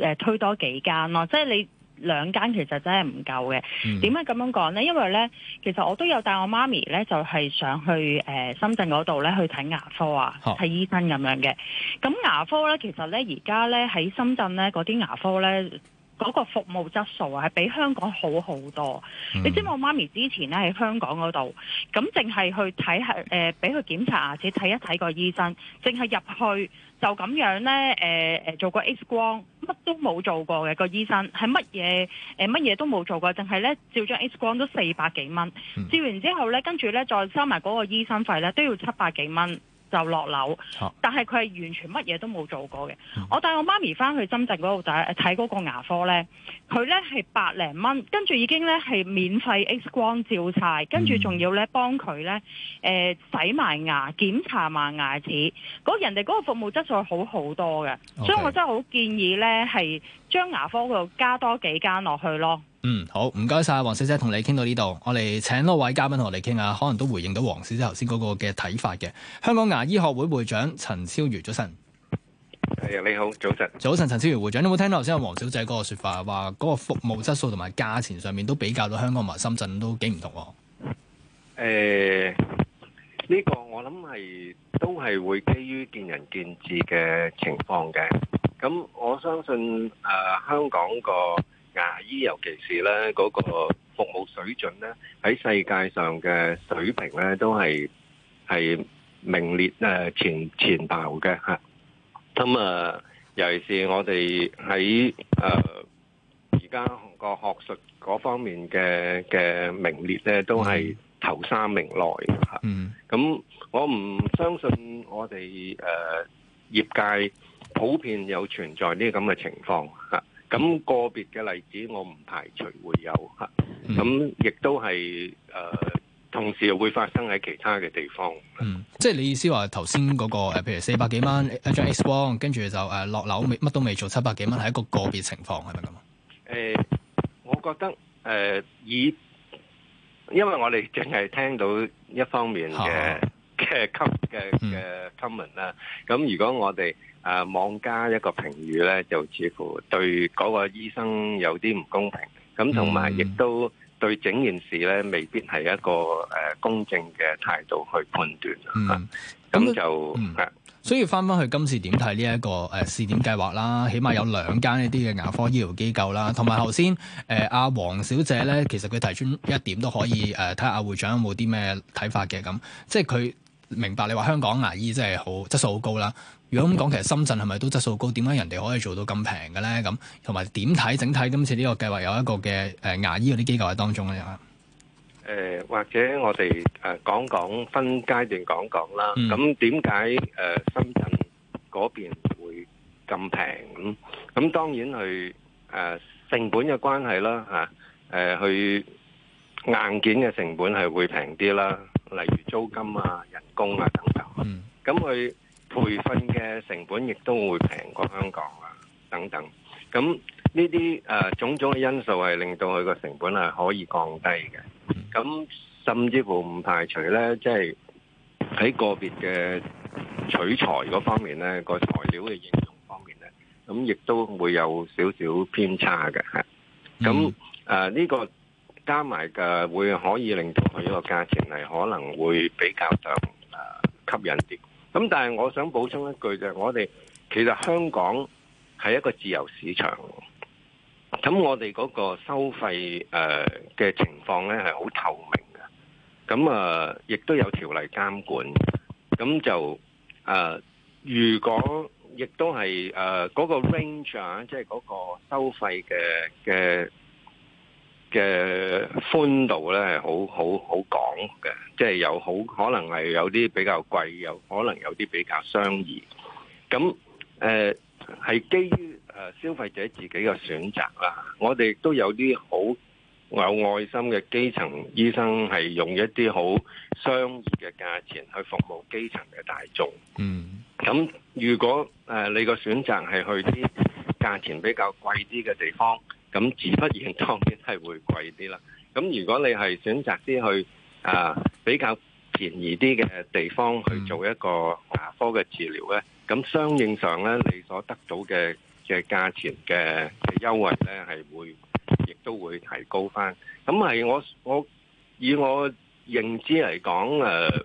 要誒推多幾間咯。即係你。兩間其實真係唔夠嘅，點解咁樣講呢？因為呢，其實我都有帶我媽咪呢，就係、是、上去誒、呃、深圳嗰度呢，去睇牙科啊，睇醫生咁樣嘅。咁牙科呢，其實呢，而家呢，喺深圳呢嗰啲牙科呢。嗰個服務質素啊，係比香港好好多。Mm. 你知我媽咪之前咧喺香港嗰度，咁淨係去睇下，誒、呃，俾佢檢查牙齒睇一睇個醫生，淨係入去就咁樣呢，誒、呃、誒，做個 X 光，乜都冇做過嘅，個醫生係乜嘢乜嘢都冇做過，淨係呢照張 X 光都四百幾蚊，mm. 照完之後呢，跟住呢，再收埋嗰個醫生費呢，都要七百幾蚊。就落樓，但係佢係完全乜嘢都冇做過嘅。嗯。我帶我媽咪翻去深圳嗰度仔睇嗰個牙科呢，佢呢係百零蚊，跟住已經呢係免費 X 光照晒，跟住仲要幫他呢幫佢呢誒洗埋牙，檢查埋牙齒。嗰人哋嗰個服務質素好好多嘅，所以我真係好建議呢係將牙科度加多幾間落去咯。嗯，好，唔該晒，黃小姐同你傾到呢度，我哋請多位嘉賓同我哋傾下，可能都回應到黃小姐頭先嗰個嘅睇法嘅。香港牙醫學會會長陳超余，早晨。係你好，早晨。早晨，陳超余會長，你有冇聽到頭先阿黃小姐嗰個說法，話嗰個服務質素同埋價錢上面都比較到香港同埋深圳都幾唔同？誒、欸，呢、這個我諗係都係會基於見仁見智嘅情況嘅。咁我相信誒、呃，香港個。牙醫尤其是咧嗰、那個服務水準咧喺世界上嘅水平咧都係係名列誒、呃、前前茅嘅吓。咁啊，尤其是我哋喺誒而家個學術嗰方面嘅嘅名列咧都係頭三名內嘅吓。咁、啊嗯嗯、我唔相信我哋誒、呃、業界普遍有存在呢啲咁嘅情況吓。咁、那個別嘅例子我唔排除會有嚇，咁、嗯、亦都係、呃、同時又會發生喺其他嘅地方。嗯，即係你意思話頭先嗰個譬如四百幾蚊一張 X 光跟住就落樓乜都未做，七百幾蚊，係一個個別情況係咪咁？我覺得、呃、以，因為我哋淨係聽到一方面嘅。哦即係嘅、嘅 comment 啦，咁如果我哋啊妄加一個評語咧，就似乎對嗰個醫生有啲唔公平，咁同埋亦都對整件事咧未必係一個誒、啊、公正嘅態度去判斷咁、嗯啊、就、嗯嗯、所以翻翻去今次、這個啊、點睇呢一個誒試點計劃啦，起碼有兩間呢啲嘅牙科醫療機構啦，同埋頭先誒阿黃小姐咧，其實佢提出一點都可以誒睇下阿會長有冇啲咩睇法嘅，咁，即係佢。明白你話香港牙醫真係好質素好高啦。如果咁講，其實深圳係咪都質素高？點解人哋可以做到咁平嘅咧？咁同埋點睇整體今次呢個計劃有一個嘅誒牙醫嗰啲機構喺當中咧嚇？誒或者我哋誒講講分階段講講啦。咁點解誒深圳嗰邊會咁平咁？咁當然係誒成本嘅關係啦嚇。誒去硬件嘅成本係會平啲啦。例如租金啊、人工啊等等，咁佢培訓嘅成本亦都會平過香港啊等等，咁呢啲誒種種嘅因素係令到佢個成本係可以降低嘅。咁甚至乎唔排除咧，即係喺個別嘅取材嗰方面咧，個材料嘅應用方面咧，咁亦都會有少少偏差嘅嚇。咁誒呢個。加埋嘅會可以令到佢呢個價錢係可能會比較上誒吸引啲。咁但係我想補充一句啫，我哋其實香港係一個自由市場，咁我哋嗰個收費誒嘅情況咧係好透明嘅，咁啊亦都有條例監管。咁就誒，如果亦都係誒嗰個 range 啊，即係嗰個收費嘅嘅。嘅寬度咧係好好好廣嘅，即係有好可能係有啲比較貴，有可能有啲比較相宜。咁誒係基於誒消費者自己嘅選擇啦。我哋都有啲好有愛心嘅基層醫生係用一啲好相宜嘅價錢去服務基層嘅大眾。嗯，咁如果誒、呃、你個選擇係去啲價錢比較貴啲嘅地方。咁自不然，當然係會貴啲啦。咁如果你係選擇啲去誒比較便宜啲嘅地方去做一個牙科嘅治療咧，咁相應上咧，你所得到嘅嘅價錢嘅嘅優惠咧，係會亦都會提高翻。咁係我我以我認知嚟講，誒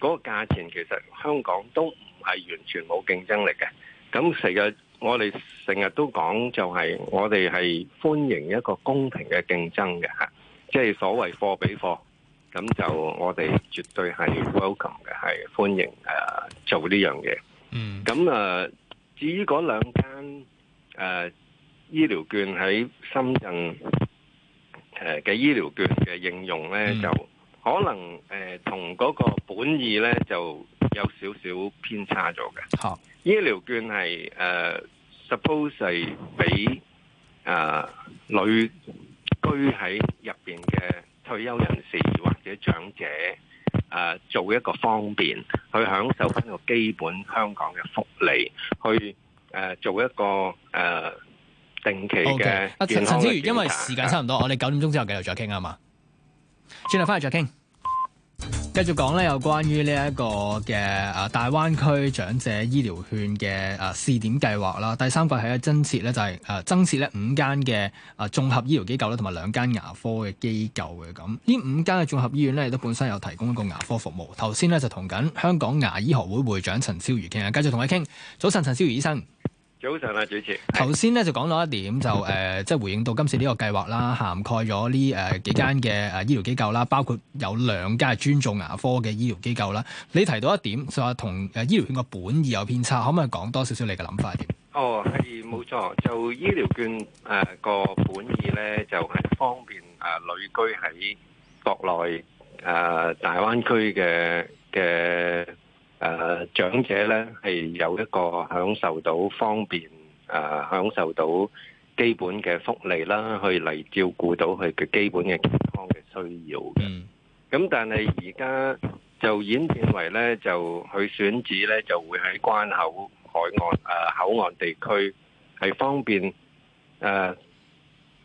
嗰個價錢其實香港都唔係完全冇競爭力嘅。咁成日。我哋成日都講就係，我哋係歡迎一個公平嘅競爭嘅吓，即係所謂貨比貨，咁就我哋絕對係 welcome 嘅，係歡迎誒、呃、做呢樣嘢。嗯，咁誒，至於嗰兩間誒、呃、醫療券喺深圳誒嘅、呃、醫療券嘅應用咧、嗯，就可能誒同嗰個本意咧就有少少偏差咗嘅。好。醫療券係誒、呃、suppose 係、呃、俾誒旅居喺入邊嘅退休人士或者長者誒、呃、做一個方便去享受翻個基本香港嘅福利，去誒、呃、做一個誒、呃、定期嘅、okay. 啊。陳陳思瑜，因為時間差唔多，啊、我哋九點鐘之後繼續再傾啊嘛，轉頭翻去再傾。繼續講咧，有關於呢一個嘅誒大灣區長者醫療券嘅誒試點計劃啦。第三季係一增設咧，就係誒增設咧五間嘅誒綜合醫療機構啦，同埋兩間牙科嘅機構嘅咁。呢五間嘅綜合醫院咧，亦都本身有提供一個牙科服務。頭先咧就同緊香港牙醫學會會長陳超余傾，繼續同佢傾。早晨，陳超余醫生。早上啊，主持。頭先咧就講到一點，就誒、呃，即係回應到今次呢個計劃啦，涵蓋咗呢誒幾間嘅誒醫療機構啦，包括有兩間係專做牙科嘅醫療機構啦。你提到一點就話同誒醫療券個本意有偏差，可唔可以講多，多少少你嘅諗法？哦，係冇錯，就醫療券誒個、呃、本意咧，就係、是、方便誒旅居喺國內誒大灣區嘅嘅。的誒長者咧係有一個享受到方便，誒享受到基本嘅福利啦，去嚟照顧到佢嘅基本嘅健康嘅需要嘅。咁但係而家就演變為咧，就佢選址咧就會喺關口海岸誒口岸地區係方便誒，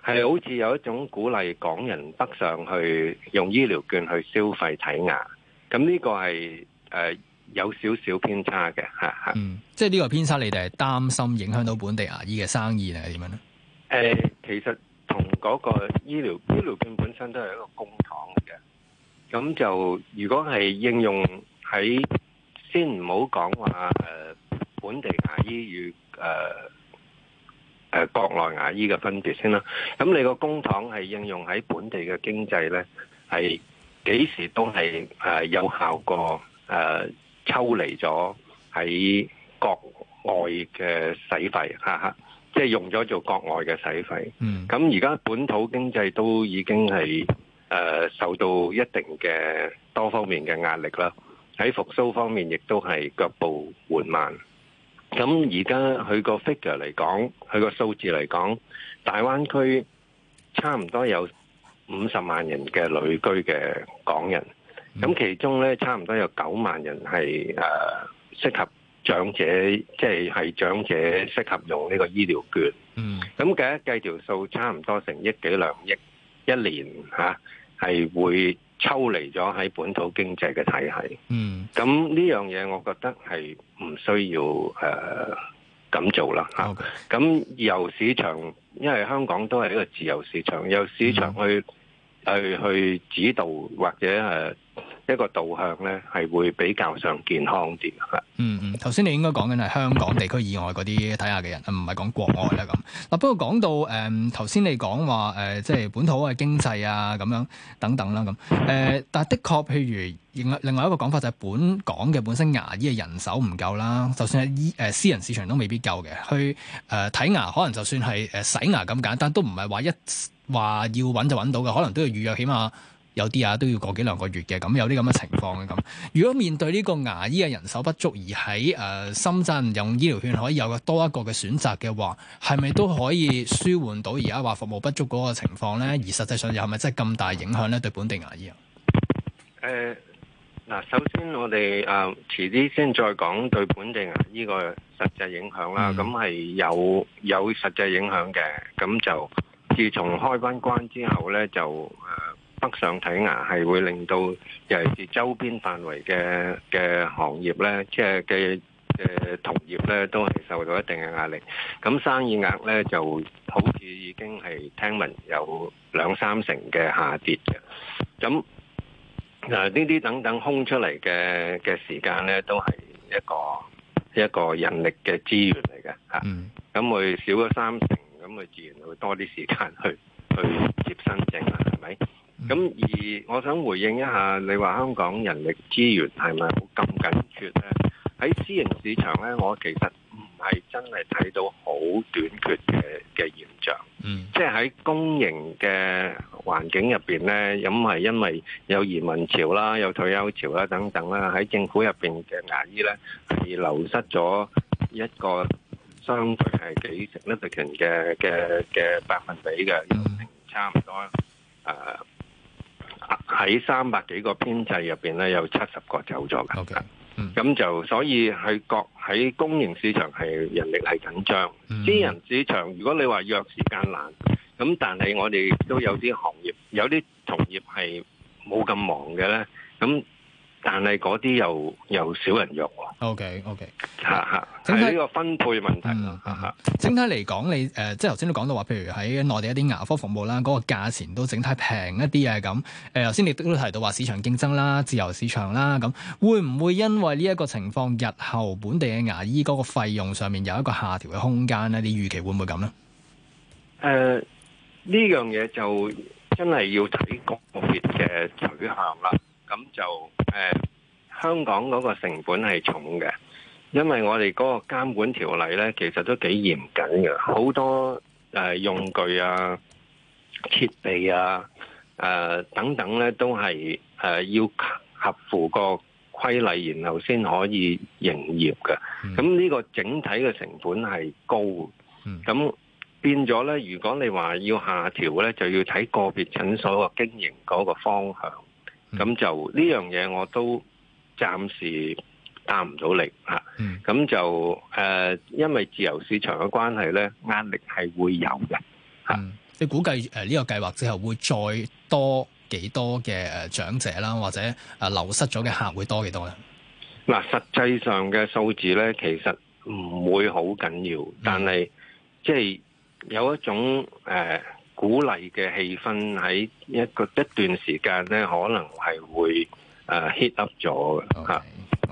係好似有一種鼓勵港人北上去用醫療券去消費睇牙。咁呢個係誒。有少少偏差嘅，吓吓，嗯，即係呢個偏差，你哋係擔心影響到本地牙醫嘅生意定係點樣咧？誒、呃，其實同嗰個醫療醫療券本身都係一個公帑嚟嘅，咁就如果係應用喺先唔好講話誒，本地牙醫與誒誒國內牙醫嘅分別先啦。咁你個公帑係應用喺本地嘅經濟咧，係幾時都係誒有效過誒。呃抽離咗喺國外嘅使費，哈哈，即係、就是、用咗做國外嘅使費。咁而家本土經濟都已經係、呃、受到一定嘅多方面嘅壓力啦。喺復甦方面，亦都係腳步緩慢。咁而家佢個 figure 嚟講，佢個數字嚟講，大灣區差唔多有五十萬人嘅旅居嘅港人。咁、嗯、其中咧，差唔多有九萬人係適、呃、合長者，即、就、係、是、長者適合用呢個醫療券。嗯，咁計一計條數，差唔多成億幾兩億一年吓，係、啊、會抽離咗喺本土經濟嘅體系。嗯，咁呢樣嘢，我覺得係唔需要誒咁、呃、做啦吓，咁、啊 okay. 由市場，因為香港都係一個自由市場，由市場去。嗯去去指導或者誒一個導向咧，係會比較上健康啲嚇。嗯嗯，頭先你應該講緊係香港地區以外嗰啲睇牙嘅人，唔係講國外啦咁。嗱，不過講到誒頭先你講話誒，即係本土嘅經濟啊，咁樣等等啦咁。誒、呃，但係的確，譬如另外另外一個講法就係本港嘅本身牙醫嘅人手唔夠啦，就算係醫誒私人市場都未必夠嘅，去誒睇、呃、牙可能就算係誒洗牙咁簡單，都唔係話一。話要搵就搵到嘅，可能都要預約，起碼有啲啊，都要過幾兩個月嘅。咁有啲咁嘅情況嘅咁。如果面對呢個牙醫嘅人手不足，而喺誒深圳用醫療券可以有多一個嘅選擇嘅話，係咪都可以舒緩到而家話服務不足嗰個情況呢？而實際上又係咪真係咁大影響呢？對本地牙醫啊？誒，嗱，首先我哋誒，遲啲先再講對本地牙醫個實際影響啦。咁、嗯、係有有實際影響嘅，咁就。自從開翻關之後咧，就誒北上睇牙係會令到，尤其是周邊範圍嘅嘅行業咧，即係嘅嘅同業咧，都係受到一定嘅壓力。咁生意額咧就好似已經係聽聞有兩三成嘅下跌嘅。咁嗱，呢啲等等空出嚟嘅嘅時間咧，都係一個一個人力嘅資源嚟嘅吓。咁會少咗三成。咁佢自然會多啲時間去、嗯、去接新症啦，係咪？咁而我想回應一下，你話香港人力資源係咪好咁緊缺咧？喺私營市場咧，我其實唔係真係睇到好短缺嘅嘅現象。嗯，即係喺公營嘅環境入邊咧，咁係因為有移民潮啦，有退休潮啦等等啦，喺政府入邊嘅牙醫咧係流失咗一個。相對係幾成呢？percent 嘅嘅嘅百分比嘅，差唔多。誒喺三百幾個編制入邊咧，有七十個走咗嘅。咁就所以喺各喺公營市場係人力係緊張，私人市場如果你話約時間難，咁但係我哋都有啲行業有啲同業係冇咁忙嘅咧，咁。但係嗰啲又又少人用喎。OK OK，吓吓，係呢個分配問題咯，吓吓整體嚟講，你、呃、即係頭先都講到話，譬如喺內地一啲牙科服務啦，嗰、嗰個價錢都整體平一啲啊咁。誒頭先你都都提到話市場競爭啦、自由市場啦咁，會唔會因為呢一個情況，日後本地嘅牙醫嗰個費用上面有一個下調嘅空間呢？你預期會唔會咁呢？誒、呃，呢樣嘢就真係要睇個別嘅取向啦。咁就誒、呃，香港嗰個成本係重嘅，因為我哋嗰個監管條例咧，其實都幾嚴謹嘅，好多誒、呃、用具啊、設備啊、誒、呃、等等咧，都係誒、呃、要合符個規例，然後先可以營業嘅。咁呢個整體嘅成本係高，咁變咗咧，如果你話要下調咧，就要睇個別診所個經營嗰個方向。咁就呢樣嘢我都暫時答唔到力嚇，咁就誒，因為自由市場嘅關係呢，壓力係會有嘅。嗯，你估計誒呢個計劃之後會再多幾多嘅誒長者啦，或者誒流失咗嘅客會多幾多呢？嗱，實際上嘅數字呢，其實唔會好緊要，但係即係有一種誒。鼓勵嘅氣氛喺一個一段時間咧，可能係會誒 heat up 咗嘅吓，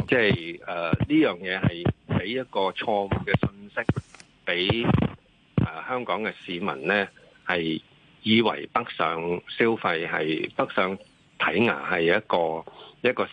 即係誒呢樣嘢係俾一個錯誤嘅訊息，俾誒香港嘅市民咧，係以為北上消費係北上睇牙係一個一個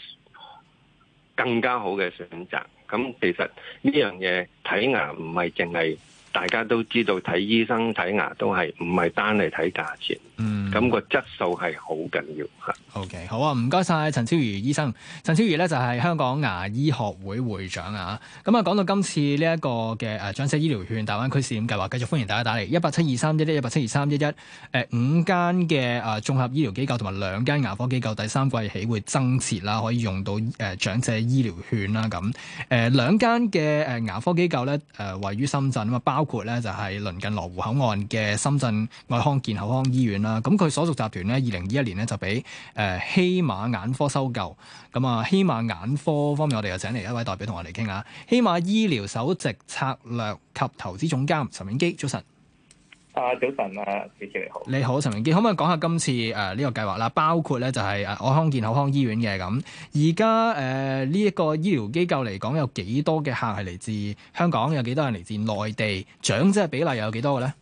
更加好嘅選擇。咁其實呢樣嘢睇牙唔係淨係。大家都知道睇醫生睇牙都係唔係單嚟睇價錢，嗯，咁個質素係好緊要吓。OK，好啊，唔該晒。陳超余醫生。陳超余呢就係香港牙醫學會會長啊，咁啊講到今次呢一個嘅誒長者醫療券大灣區試點計劃，繼續歡迎大家打嚟一八七二三一一一八七二三一一，誒五間嘅誒綜合醫療機構同埋兩間牙科機構，第三季起會增設啦，可以用到誒長者醫療券啦，咁誒兩間嘅誒牙科機構咧誒位於深圳啊包括咧就係鄰近羅湖口岸嘅深圳愛康健口腔醫院啦，咁佢所屬集團咧二零二一年咧就俾誒希瑪眼科收購，咁啊希瑪眼科方面我哋又請嚟一位代表同我哋傾下，希瑪醫療首席策略及投資總監陳永基，早晨。啊，早晨！啊，主持人你好。你好，陳明堅，可唔可以講下今次誒呢、啊這個計劃啦？包括咧就係、是、愛、啊、康健口腔醫院嘅咁，而家誒呢一個醫療機構嚟講，有幾多嘅客係嚟自香港？有幾多人嚟自內地？長者比例又有幾多嘅咧？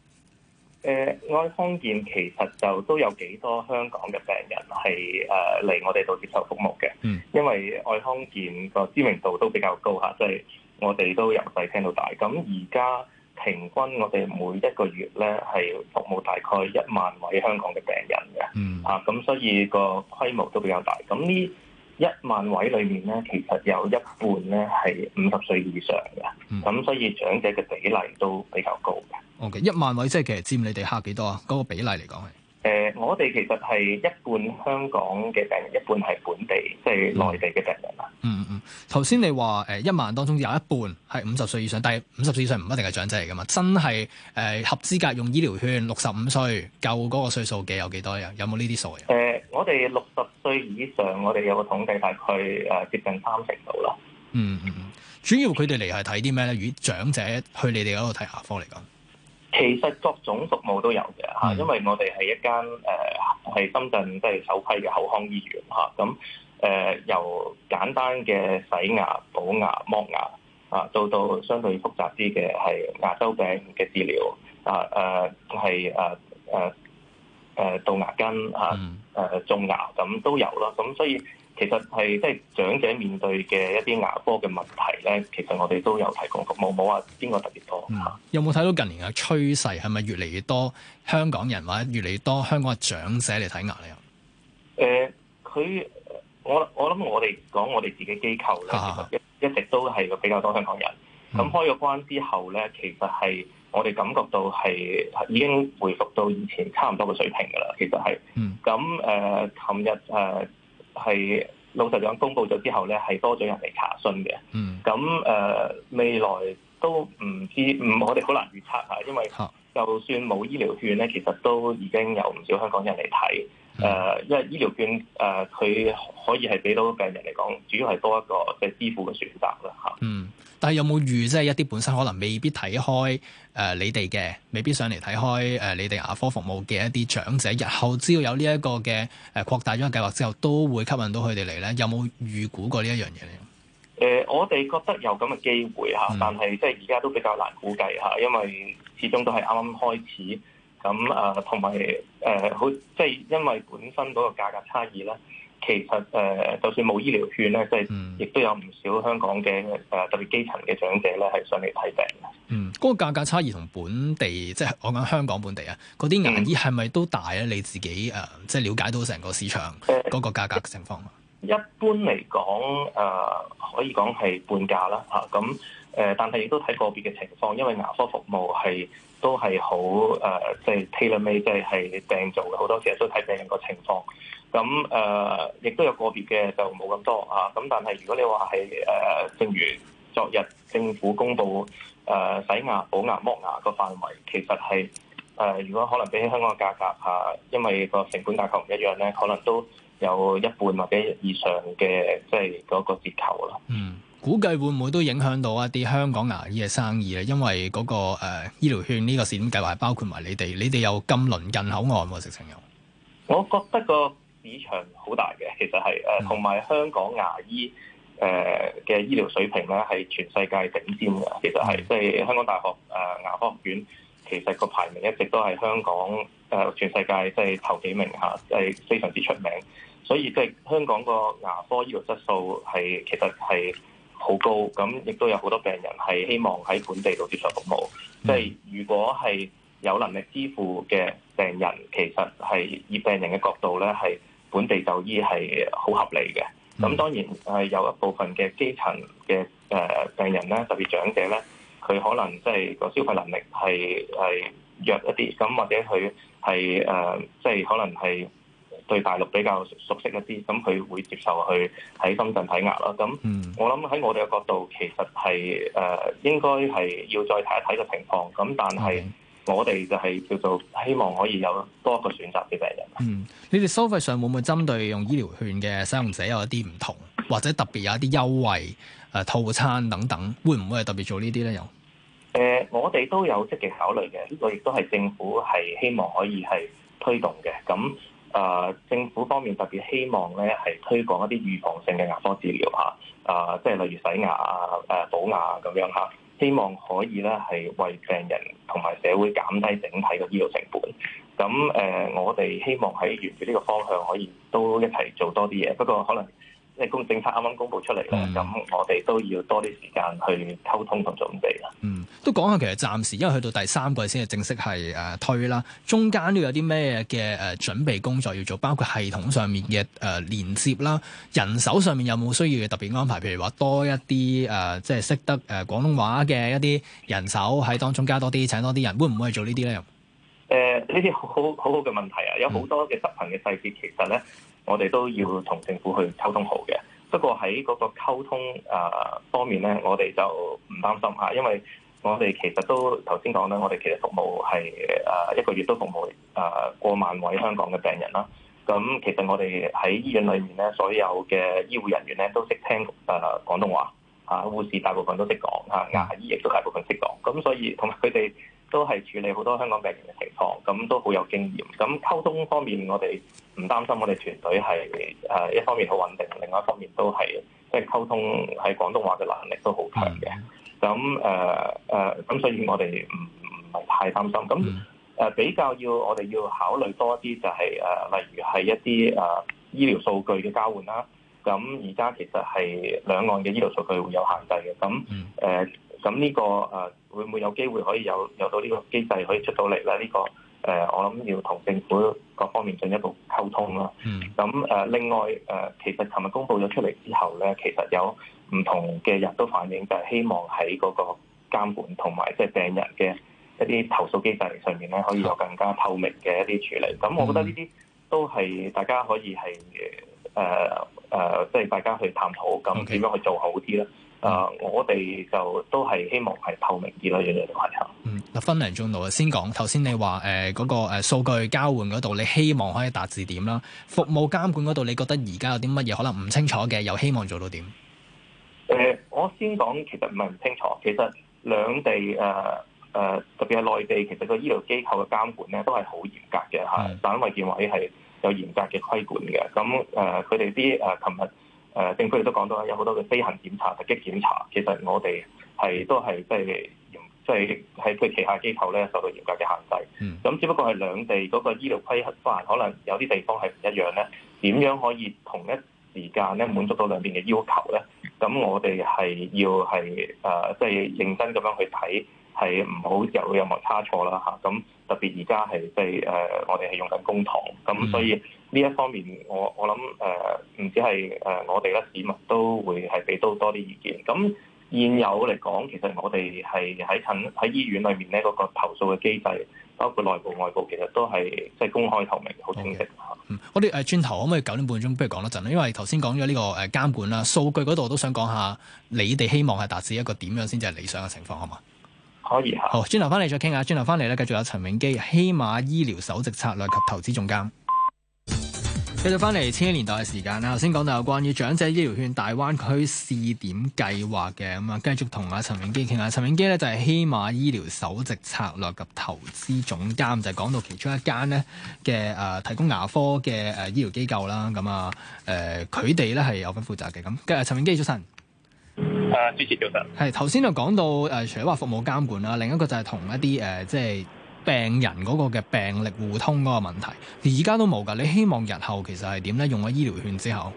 誒、呃，愛康健其實就都有幾多香港嘅病人係誒嚟我哋度接受服務嘅、嗯，因為愛康健個知名度都比較高吓，即係我哋都由細聽到大。咁而家。平均我哋每一個月咧係服務大概一萬位香港嘅病人嘅、嗯，啊咁所以個規模都比較大。咁呢一萬位裏面咧，其實有一半咧係五十歲以上嘅，咁、嗯、所以長者嘅比例都比較高嘅。OK，一萬位即係其實佔你哋吓幾多啊？嗰、那個比例嚟講係。誒、呃，我哋其實係一半香港嘅病人，一半係本地，即係內地嘅病人啦。嗯嗯嗯。頭、嗯、先你話誒，一萬人當中有一半係五十歲以上，但係五十歲以上唔一定係長者嚟噶嘛。真係誒、呃、合資格用醫療券，六十五歲夠嗰個歲數嘅有幾多人？有冇呢啲數嘅？誒，我哋六十歲以上，我哋有個統計，大概誒接近三成度啦。嗯嗯嗯。主要佢哋嚟係睇啲咩咧？如果長者去你哋嗰度睇牙科嚟講。其實各種服務都有嘅嚇，因為我哋係一間誒係深圳即係首批嘅口腔醫院嚇，咁誒、呃、由簡單嘅洗牙、補牙、剝牙啊，到到相對複雜啲嘅係牙周病嘅治療啊誒係誒誒誒杜牙根嚇誒、啊啊、種牙咁都有啦，咁所以。其實係即係長者面對嘅一啲牙科嘅問題咧，其實我哋都有提供服務，冇話邊個特別多嚇、嗯。有冇睇到近年嘅趨勢係咪越嚟越多香港人或者越嚟越多香港嘅長者嚟睇牙咧？誒、呃，佢我我諗我哋講我哋自己機構咧，啊、一直都係比較多香港人。咁、嗯、開咗關之後咧，其實係我哋感覺到係已經回復到以前差唔多嘅水平噶啦。其實係咁誒，琴、嗯呃、日誒。呃係老實講，公布咗之後咧，係多咗人嚟查詢嘅。嗯。咁、呃、誒，未來都唔知，唔我哋好難預測啊。因為就算冇醫療券咧，其實都已經有唔少香港人嚟睇。誒、呃，因為醫療券誒，佢、呃、可以係俾到病人嚟講，主要係多一個即係支付嘅選擇啦。嚇。嗯，嗯。但係有冇預即係一啲本身可能未必睇開誒你哋嘅，未必上嚟睇開誒你哋牙科服務嘅一啲長者，日後只要有呢一個嘅誒擴大咗嘅計劃之後，都會吸引到佢哋嚟咧。有冇預估過呢一樣嘢咧？誒、呃，我哋覺得有咁嘅機會嚇，但係即係而家都比較難估計嚇，因為始終都係啱啱開始。咁啊，同埋誒好，即係因為本身嗰個價格差異咧。其實誒，就算冇醫療券咧，即係亦都有唔少香港嘅誒特別基層嘅長者咧，係上嚟睇病嘅。嗯，嗰個價格差異同本地，即係我講香港本地啊，嗰啲牙醫係咪都大咧？你自己誒，即係了解到成個市場嗰個價格嘅情況。一般嚟講，誒可以講係半價啦嚇。咁誒，但係亦都睇個別嘅情況，因為牙科服務係都係好誒，即係 tailor made，即係係訂做嘅，好多時候都睇病人個情況。咁誒、呃，亦都有個別嘅就冇咁多啊。咁但係如果你話係誒，正如昨日政府公布誒、呃、洗牙、補牙、剝牙個範圍，其實係誒、呃，如果可能比起香港嘅價格啊，因為個成本價格唔一樣咧，可能都有一半或者以上嘅，即係嗰個折扣咯。嗯，估計會唔會都影響到一啲香港牙醫嘅生意咧？因為嗰、那個誒、呃、醫療券呢、這個試點計劃係包括埋你哋，你哋有金輪近口岸喎，直、啊、情有。我覺得個。市場好大嘅，其實係誒同埋香港牙醫誒嘅醫療水平咧，係全世界頂尖嘅。其實係即係香港大學誒牙科學院，其實個排名一直都係香港誒全世界即係頭幾名吓，即係非常之出名。所以即係香港個牙科醫療質素係其實係好高，咁亦都有好多病人係希望喺本地度接受服務。即係如果係有能力支付嘅病人，其實係以病人嘅角度咧係，本地就醫係好合理嘅，咁當然係有一部分嘅基層嘅誒病人咧，特別長者咧，佢可能即係個消費能力係係弱一啲，咁或者佢係誒即係可能係對大陸比較熟悉一啲，咁佢會接受去喺深圳睇牙啦。咁我諗喺我哋嘅角度，其實係誒、呃、應該係要再睇一睇個情況。咁但係。嗯我哋就係叫做希望可以有多一個選擇俾病人。嗯，你哋收費上會唔會針對用醫療券嘅使用者有一啲唔同，或者特別有一啲優惠、誒、啊、套餐等等，會唔會係特別做這些呢啲咧？有？誒，我哋都有積極考慮嘅，呢個亦都係政府係希望可以係推動嘅。咁啊、呃，政府方面特別希望咧係推廣一啲預防性嘅牙科治療嚇，啊、呃，即係例如洗牙、誒、呃、補牙咁樣嚇。希望可以咧，係為病人同埋社會減低整體嘅醫療成本。咁誒，我哋希望喺沿住呢個方向，可以都一齊做多啲嘢。不過可能，即係公政策啱啱公布出嚟咧，咁、嗯、我哋都要多啲時間去溝通同準備啦。嗯，都講下其實暫時，因為去到第三季先係正式係誒、呃、推啦，中間都有啲咩嘅誒準備工作要做，包括系統上面嘅誒、呃、連接啦，人手上面有冇需要嘅特別安排？譬如話多一啲誒、呃，即係識得誒廣東話嘅一啲人手喺當中加多啲，請多啲人，會唔會去做這些呢啲咧？誒、呃，呢啲好，好好好嘅問題啊！有好多嘅執行嘅細節，嗯、其實咧。我哋都要同政府去溝通好嘅，不過喺嗰個溝通啊方面咧，我哋就唔擔心嚇，因為我哋其實都頭先講咧，我哋其實服務係啊一個月都服務啊過萬位香港嘅病人啦。咁其實我哋喺醫院裏面咧，所有嘅醫護人員咧都識聽啊廣東話啊，護士大部分都識講嚇，牙醫亦都大部分識講，咁所以同埋佢哋。都係處理好多香港病人嘅情況，咁都好有經驗。咁溝通方面，我哋唔擔心，我哋團隊係誒、呃、一方面好穩定，另外一方面都係即係溝通喺廣東話嘅能力都好強嘅。咁誒誒，咁、呃呃、所以我哋唔唔係太擔心。咁誒、呃、比較要我哋要考慮多啲、就係，就係誒例如係一啲誒、呃、醫療數據嘅交換啦。咁而家其實係兩岸嘅醫療數據會有限制嘅。咁誒。呃咁呢、這個誒、呃、會唔會有機會可以有有到呢個機制可以出到嚟咧？呢、這個誒、呃、我諗要同政府各方面進一步溝通啦。咁、嗯、誒、呃、另外誒、呃，其實琴日公布咗出嚟之後咧，其實有唔同嘅人都反映，就係、是、希望喺嗰個監管同埋即係病人嘅一啲投訴機制上面咧，可以有更加透明嘅一啲處理。咁我覺得呢啲都係大家可以係。嗯誒、呃、誒，即、呃、係大家去探討，咁點樣去做好啲咧？誒、okay. 呃，我哋就都係希望係透明啲咯，樣樣都係嚇。嗯，分兩種度。啊。先講頭先你話誒嗰個誒數據交換嗰度，你希望可以達至點啦？服務監管嗰度，你覺得而家有啲乜嘢可能唔清楚嘅，又希望做到點？誒、呃，我先講，其實唔係唔清楚。其實兩地誒誒、呃呃，特別係內地，其實個醫療機構嘅監管咧都係好嚴格嘅嚇。省衞健委係。有嚴格嘅規管嘅，咁誒佢哋啲誒，琴日誒政府亦都講到啦，有好多嘅飛行檢查、突擊檢查，其實我哋係都係即係嚴，即係喺佢旗下機構咧受到嚴格嘅限制。咁只不過係兩地嗰個醫療規範可能有啲地方係唔一樣咧，點樣可以同一時間咧滿足到兩邊嘅要求咧？咁我哋係要係誒、呃、即係認真咁樣去睇，係唔好有任何差錯啦嚇咁。特別而家係即係誒，我哋係用緊公帑，咁所以呢一方面，我我諗誒，唔、呃、止係誒、呃、我哋啦，市民都會係俾到多啲意見。咁現有嚟講，其實我哋係喺診喺醫院裏面咧，嗰、那個投訴嘅機制，包括內部外部，其實都係即係公開透明，好清晰。嗯，我哋誒轉頭可唔可以九點半鐘不如講多陣咧？因為頭先講咗呢個誒監管啦，數據嗰度我都想講下，你哋希望係達至一個點樣先至係理想嘅情況，好嘛？可以好，轉頭翻嚟再傾下，轉頭翻嚟咧，繼續有陳永基，希瑪醫療首席策略及投資總監。繼續翻嚟千禧年代嘅時間啦，頭先講到有關於長者醫療券大灣區試點計劃嘅，咁啊，繼續同阿陳永基傾下。陳永基咧就係希瑪醫療首席策略及投資總監，就係、是、講到其中一間咧嘅誒，提供牙科嘅誒醫療機構啦，咁啊誒，佢哋咧係有份負責嘅，咁，阿陳永基早晨。出誒、啊、主持都得。係頭先就講到誒、啊，除咗話服務監管啦，另一個就係同一啲誒、啊，即係病人嗰個嘅病歷互通嗰個問題，而家都冇噶。你希望日後其實係點咧？用咗醫療券之後，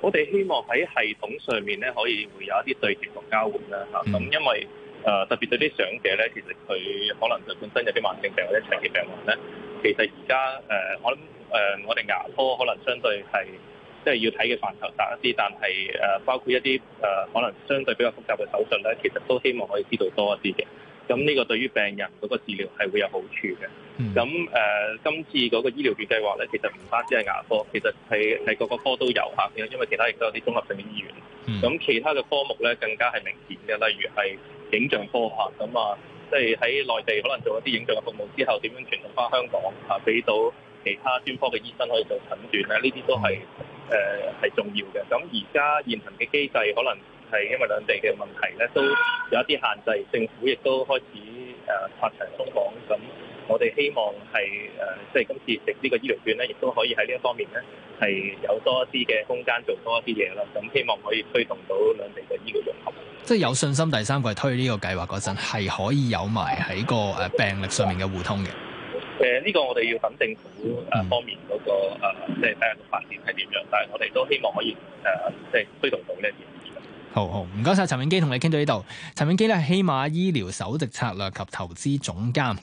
我哋希望喺系統上面咧可以會有一啲對接同交換啦嚇。咁、嗯、因為誒、呃、特別對啲長者咧，其實佢可能就本身有啲慢性病或者長期病患咧，其實而家誒我諗誒、呃、我哋牙科可能相對係。即、就、係、是、要睇嘅範疇大一啲，但係誒、呃、包括一啲誒、呃、可能相對比較複雜嘅手術咧，其實都希望可以知道多一啲嘅。咁呢個對於病人嗰個治療係會有好處嘅。咁、嗯、誒、呃、今次嗰個醫療券計劃咧，其實唔單止係牙科，其實係係各個科都有嚇，因為其他亦都有啲綜合性嘅醫院。咁、嗯、其他嘅科目咧更加係明顯嘅，例如係影像科嚇，咁啊即係喺內地可能做一啲影像嘅服務之後，點樣傳送返香港嚇，俾、啊、到其他專科嘅醫生可以做診斷咧？呢啲都係。誒係重要嘅，咁而家現行嘅機制可能係因為兩地嘅問題咧，都有一啲限制，政府亦都開始誒拆牆鬆綁。咁我哋希望係誒，即係今次食呢個醫療券咧，亦都可以喺呢一方面咧，係有多一啲嘅空間，做多一啲嘢啦。咁希望可以推動到兩地嘅醫療融合。即係有信心第三季推呢個計劃嗰陣，係可以有埋喺個誒病歷上面嘅互通嘅？誒、這、呢個我哋要等政府誒方面嗰個即係睇下發展係點樣，但係我哋都希望可以誒，即、呃、係、就是、推動到呢一點。好好，唔該晒。陳永基，同你傾到呢度。陳永基咧係希瑪醫療首席策略及投資總監。